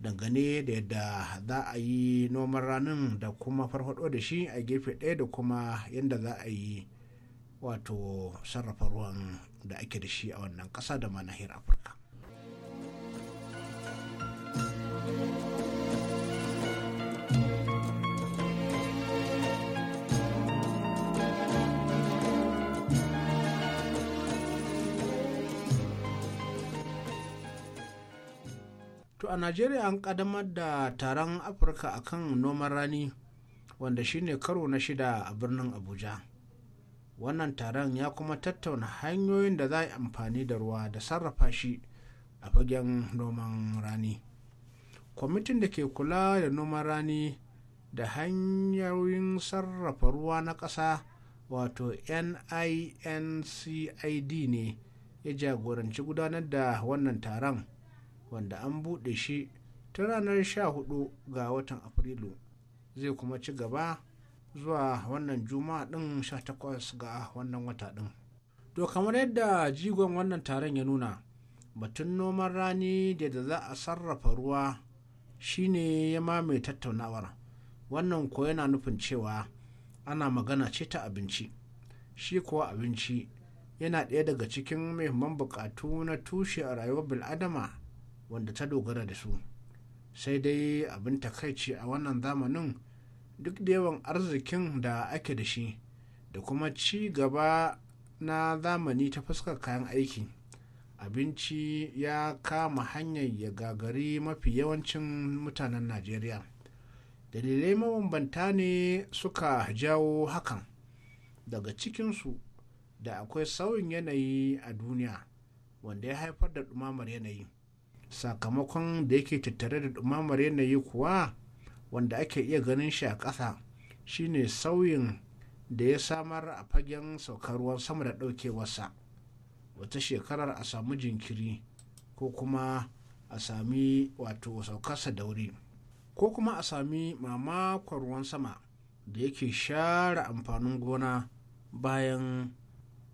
dangane da yadda za a yi noman ranin da kuma farfado da shi a gefe ɗaya da kuma yadda za a yi wato sarrafa ruwan da ake da shi a wannan ƙasa da manahir afirka a najeriya an ƙaddamar da taron afirka akan noman rani wanda shine karo na shida a birnin abuja wannan taron ya kuma tattauna hanyoyin da za a yi amfani da ruwa da sarrafa shi a fagen noman rani kwamitin da ke kula da noman rani da hanyoyin sarrafa ruwa na ƙasa wato nincid ne ya jagoranci gudanar da wannan taron wanda an buɗe shi ta ranar 14 ga watan afrilu zai kuma ci gaba zuwa wannan juma'a ɗin 18 ga wannan wata ɗin to kamar yadda jigon wannan taron ya nuna batun noman rani da za a sarrafa ruwa shine ya mamaye tattaunawar wannan ko yana nufin cewa ana magana ce ta abinci shi kuwa abinci yana ɗaya daga cikin muhimman buƙatu na tushe a rayuwar bil'adama wanda ta dogara da su sai dai abin takaici a wannan zamanin duk da yawan arzikin da ake da shi da kuma ci gaba na zamani ta fuskar kayan aiki abinci ya kama hanyar ya gagari mafi yawancin mutanen najeriya dalilai mabambanta ne suka jawo hakan daga cikinsu da akwai sauyin yanayi a duniya wanda ya haifar da ɗumamar yanayi sakamakon da yake tattare da dumamar yanayi kuwa wanda ake iya ganin shi a ƙasa shine sauyin da ya samar a fagen saukar sama da ɗaukewarsa wata shekarar a samu jinkiri ko kuma a sami wato saukarsa da wuri ko kuma a sami mamakon ruwan sama da yake share amfanin gona bayan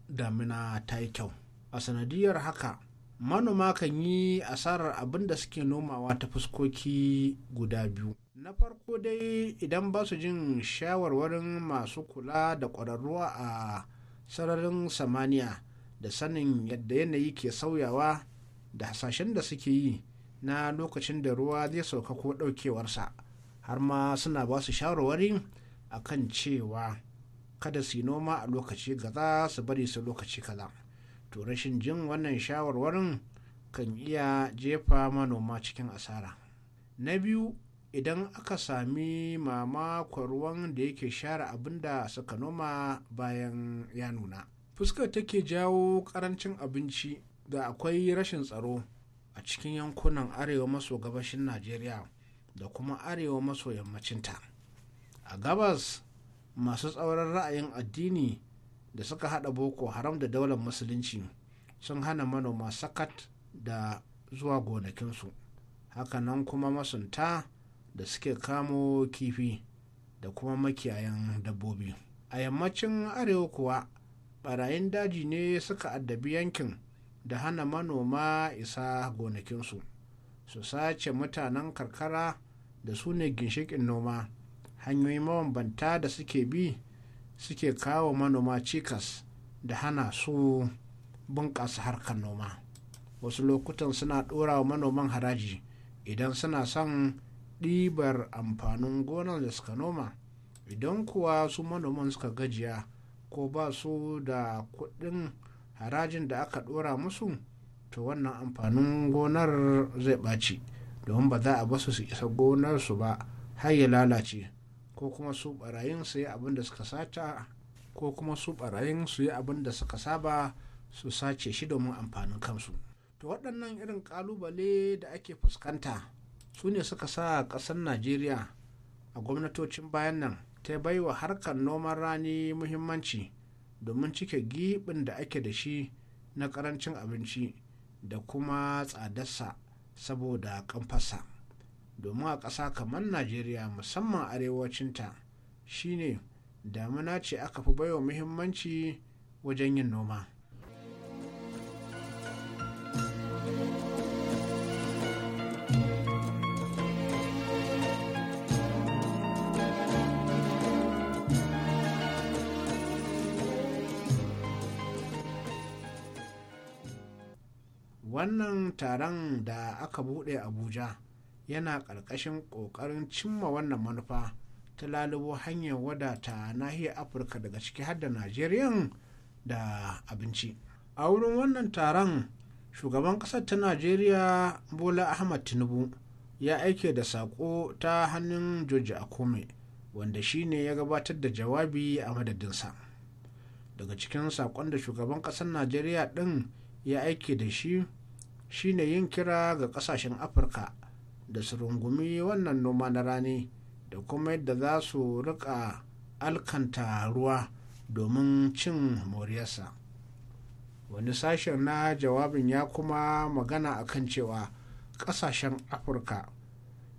damina ta yi kyau a sanadiyar haka manoma kan yi asarar abin da suke nomawa ta fuskoki guda biyu na farko dai idan ba su jin shawarwarin masu kula da ƙwararruwa a sararin samaniya da sanin yadda yanayi ke sauyawa da hasashen da suke yi na lokacin da ruwa zai sauka ko ɗaukewarsa har ma suna ba su shawarwari a kan cewa kada su yi noma a lokaci gaza su bari su lokaci kaza. to rashin jin wannan shawarwarin kan iya jefa manoma cikin asara na biyu idan aka sami mamakon ruwan da yake share abin da suka noma bayan ya nuna fuskar take jawo karancin abinci da akwai rashin tsaro a cikin yankunan arewa maso gabashin najeriya da kuma arewa maso yammacinta a gabas masu tsauran ra'ayin addini da suka hada boko haram da daular musulunci sun hana manoma sakat da zuwa gonakinsu hakanan kuma masunta da suke kamo kifi da kuma makiyayan dabbobi a yammacin arewa kuwa barayin daji ne suka addabi yankin da hana manoma isa gonakinsu su sace mutanen karkara da su ne ginshikin noma hanyoyi mabambanta da suke bi suke kawo manoma cikas da hana su bunƙasa harkar noma wasu lokutan suna ɗora wa manoman haraji idan suna son ɗibar amfanin gonar da suka noma idan kuwa su manoman suka gajiya ko ba su da kuɗin harajin da aka ɗora musu to wannan amfanin gonar zai ɓaci domin ba za a basu su isa gonar su ba har ya lalace ko kuma su barayin su yi abin da suka sata ko kuma su barayin su yi abin da suka saba su sace shi domin amfanin kansu to waɗannan irin kalubale da ake fuskanta su ne suka sa ƙasar najeriya a gwamnatocin bayan nan ta baiwa harkar noman rani muhimmanci domin cike giɓin da ake da shi na ƙarancin abinci da kuma tsadarsa saboda kamfasa. domin a ƙasa kamar najeriya musamman arewacinta shine damuna ce aka fi baiwa muhimmanci wajen yin noma wannan taron da aka buɗe abuja yana ƙarƙashin ƙoƙarin cimma wannan manufa ta lalubo hanyar wadata nahiyar afirka daga ciki har da najeriya da abinci a wurin wannan taron shugaban ƙasar ta najeriya bola ahmad tinubu ya aike da saƙo ta hannun joji akome wanda shine ya gabatar da jawabi a madadinsa daga cikin saƙon da shugaban ƙasar najeriya ɗin ya aike da shi shine yin kira ga ƙasashen afirka da su rungumi wannan noma na rani da kuma yadda za su rika alkanta ruwa domin cin moriyarsa wani sashen na jawabin ya kuma magana akan cewa kasashen afirka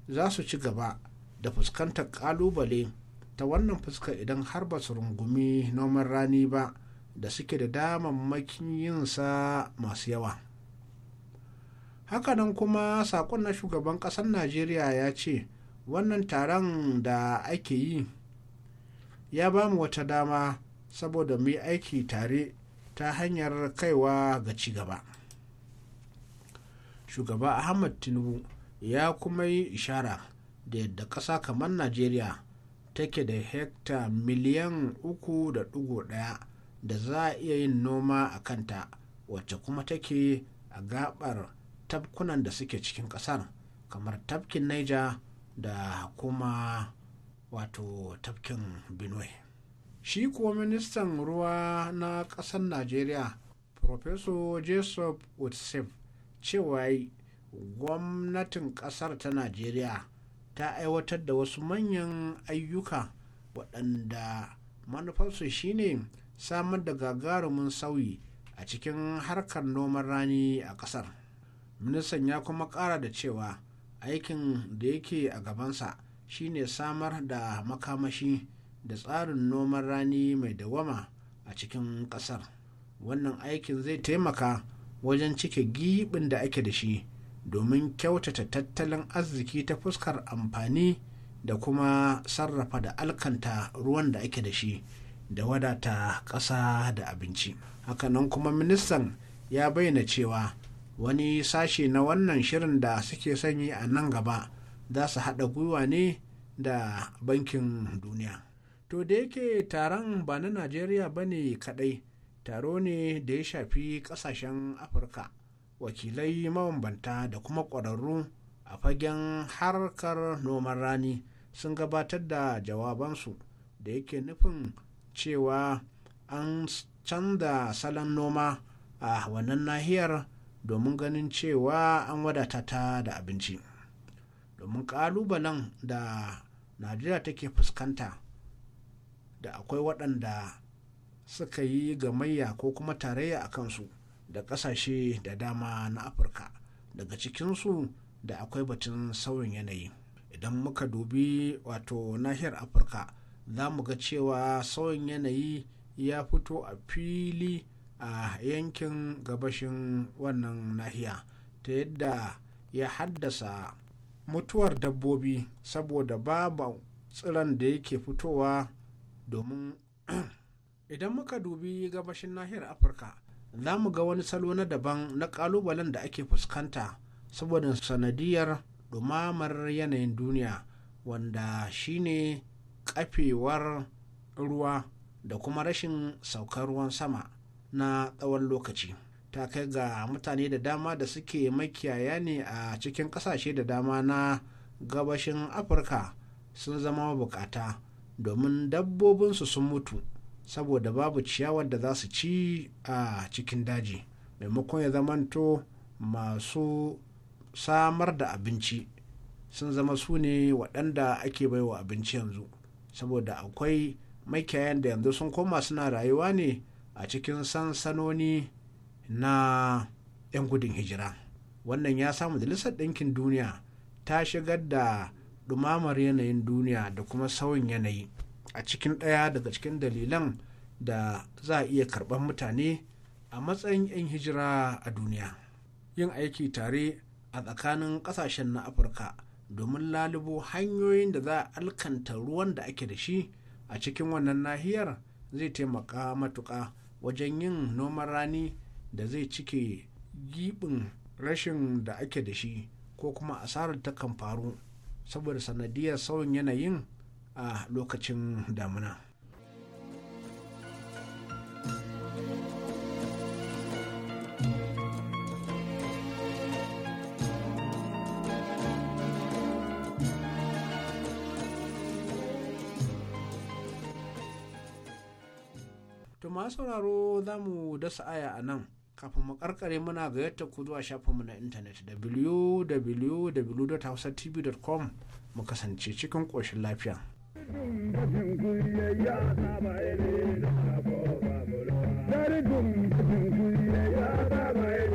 za su ci gaba da fuskantar kalubale ta wannan fuska idan har ba su rungumi noman rani ba da suke da damammakin yinsa masu yawa hakanan kuma sakon na shugaban kasar najeriya ya ce wannan taron da ake yi ya ba mu wata dama saboda mu aiki tare ta hanyar kaiwa ga ci gaba shugaba ahmad tinubu ya kuma yi ishara da yadda ƙasa kamar najeriya take da hekta miliyan uku da ɗaya da za a iya yin noma a kanta wacce kuma take a gabar tafkunan da suke cikin ƙasar kamar tafkin niger da kuma wato tafkin benue shi kuwa ministan ruwa na ƙasar najeriya professor Joseph utsef cewa gwamnatin ƙasar ta najeriya ta aiwatar da wasu manyan ayyuka waɗanda manufarsu shine samar da gagarumin sauyi a cikin harkar noman rani a ƙasar. ministan ya kuma kara da cewa aikin da yake a gabansa shine samar da makamashi da tsarin noman rani mai dawama a cikin kasar wannan aikin zai taimaka wajen cike giɓin da ake da shi domin kyautata tattalin arziki ta fuskar amfani da kuma sarrafa da alkanta ruwan da ake da shi da wadata ƙasa da abinci hakanan kuma ministan ya bayyana cewa wani sashe na wannan shirin da suke sanyi a nan gaba za su haɗa gwiwa ne da bankin duniya to da yake taron ba na najeriya ba ne kaɗai taro ne da ya shafi ƙasashen afirka wakilai mabambanta da kuma ƙwararru a fagen harkar noman rani sun gabatar da jawabansu da yake nufin cewa an canza salon noma a wannan nahiyar domin ganin cewa an wadata ta da abinci domin kalubalen da najeriya take fuskanta da akwai waɗanda suka yi gamayya ko kuma tarayya a kansu da ƙasashe da dama na afirka daga cikinsu da akwai batun sauyin yanayi idan muka dubi wato nahiyar afirka za mu ga cewa sauyin yanayi ya fito a fili a yankin gabashin wannan nahiya ta yadda ya haddasa mutuwar dabbobi saboda babu tsiran da yake fitowa domin idan muka dubi gabashin nahiyar afirka za mu ga wani salo na daban na kalubalen da ake fuskanta saboda sanadiyar dumamar yanayin duniya wanda shine kafewar ruwa da kuma rashin saukar ruwan sama na tsawon lokaci ta kai ga mutane da dama da suke makiyaya ne a cikin kasashe da dama na gabashin afirka sun zama bukata domin dabbobinsu sun mutu saboda babu ciyawar da za su ci a cikin daji maimakon ya zamanto masu samar da abinci sun zama su ne waɗanda ake baiwa abinci yanzu saboda akwai makiyayan da yanzu sun koma suna rayuwa ne a cikin sansanoni na 'yan gudun hijira wannan ya sa majalisar ɗinkin duniya ta shigar da ɗumamar yanayin duniya da kuma sauyin yanayi a cikin ɗaya daga cikin dalilan da za a iya karɓar mutane a matsayin 'yan hijira a duniya yin aiki tare a tsakanin ƙasashen na afirka domin lalubo hanyoyin da za a alkanta ruwan da ake da shi a cikin wannan nahiyar zai taimaka matuƙa wajen yin noman rani da zai cike gibin rashin da ake da shi ko kuma asarar ta kan faru saboda sanadiyar sauyin yanayin a lokacin damuna. ma sauraro za mu dasa aya a nan kafin mu karkare muna ga yadda ku zuwa shafinmu na intanet www.hausatv.com mu kasance cikin ƙoshin lafiya.
Dari dum dum kuyi ya ba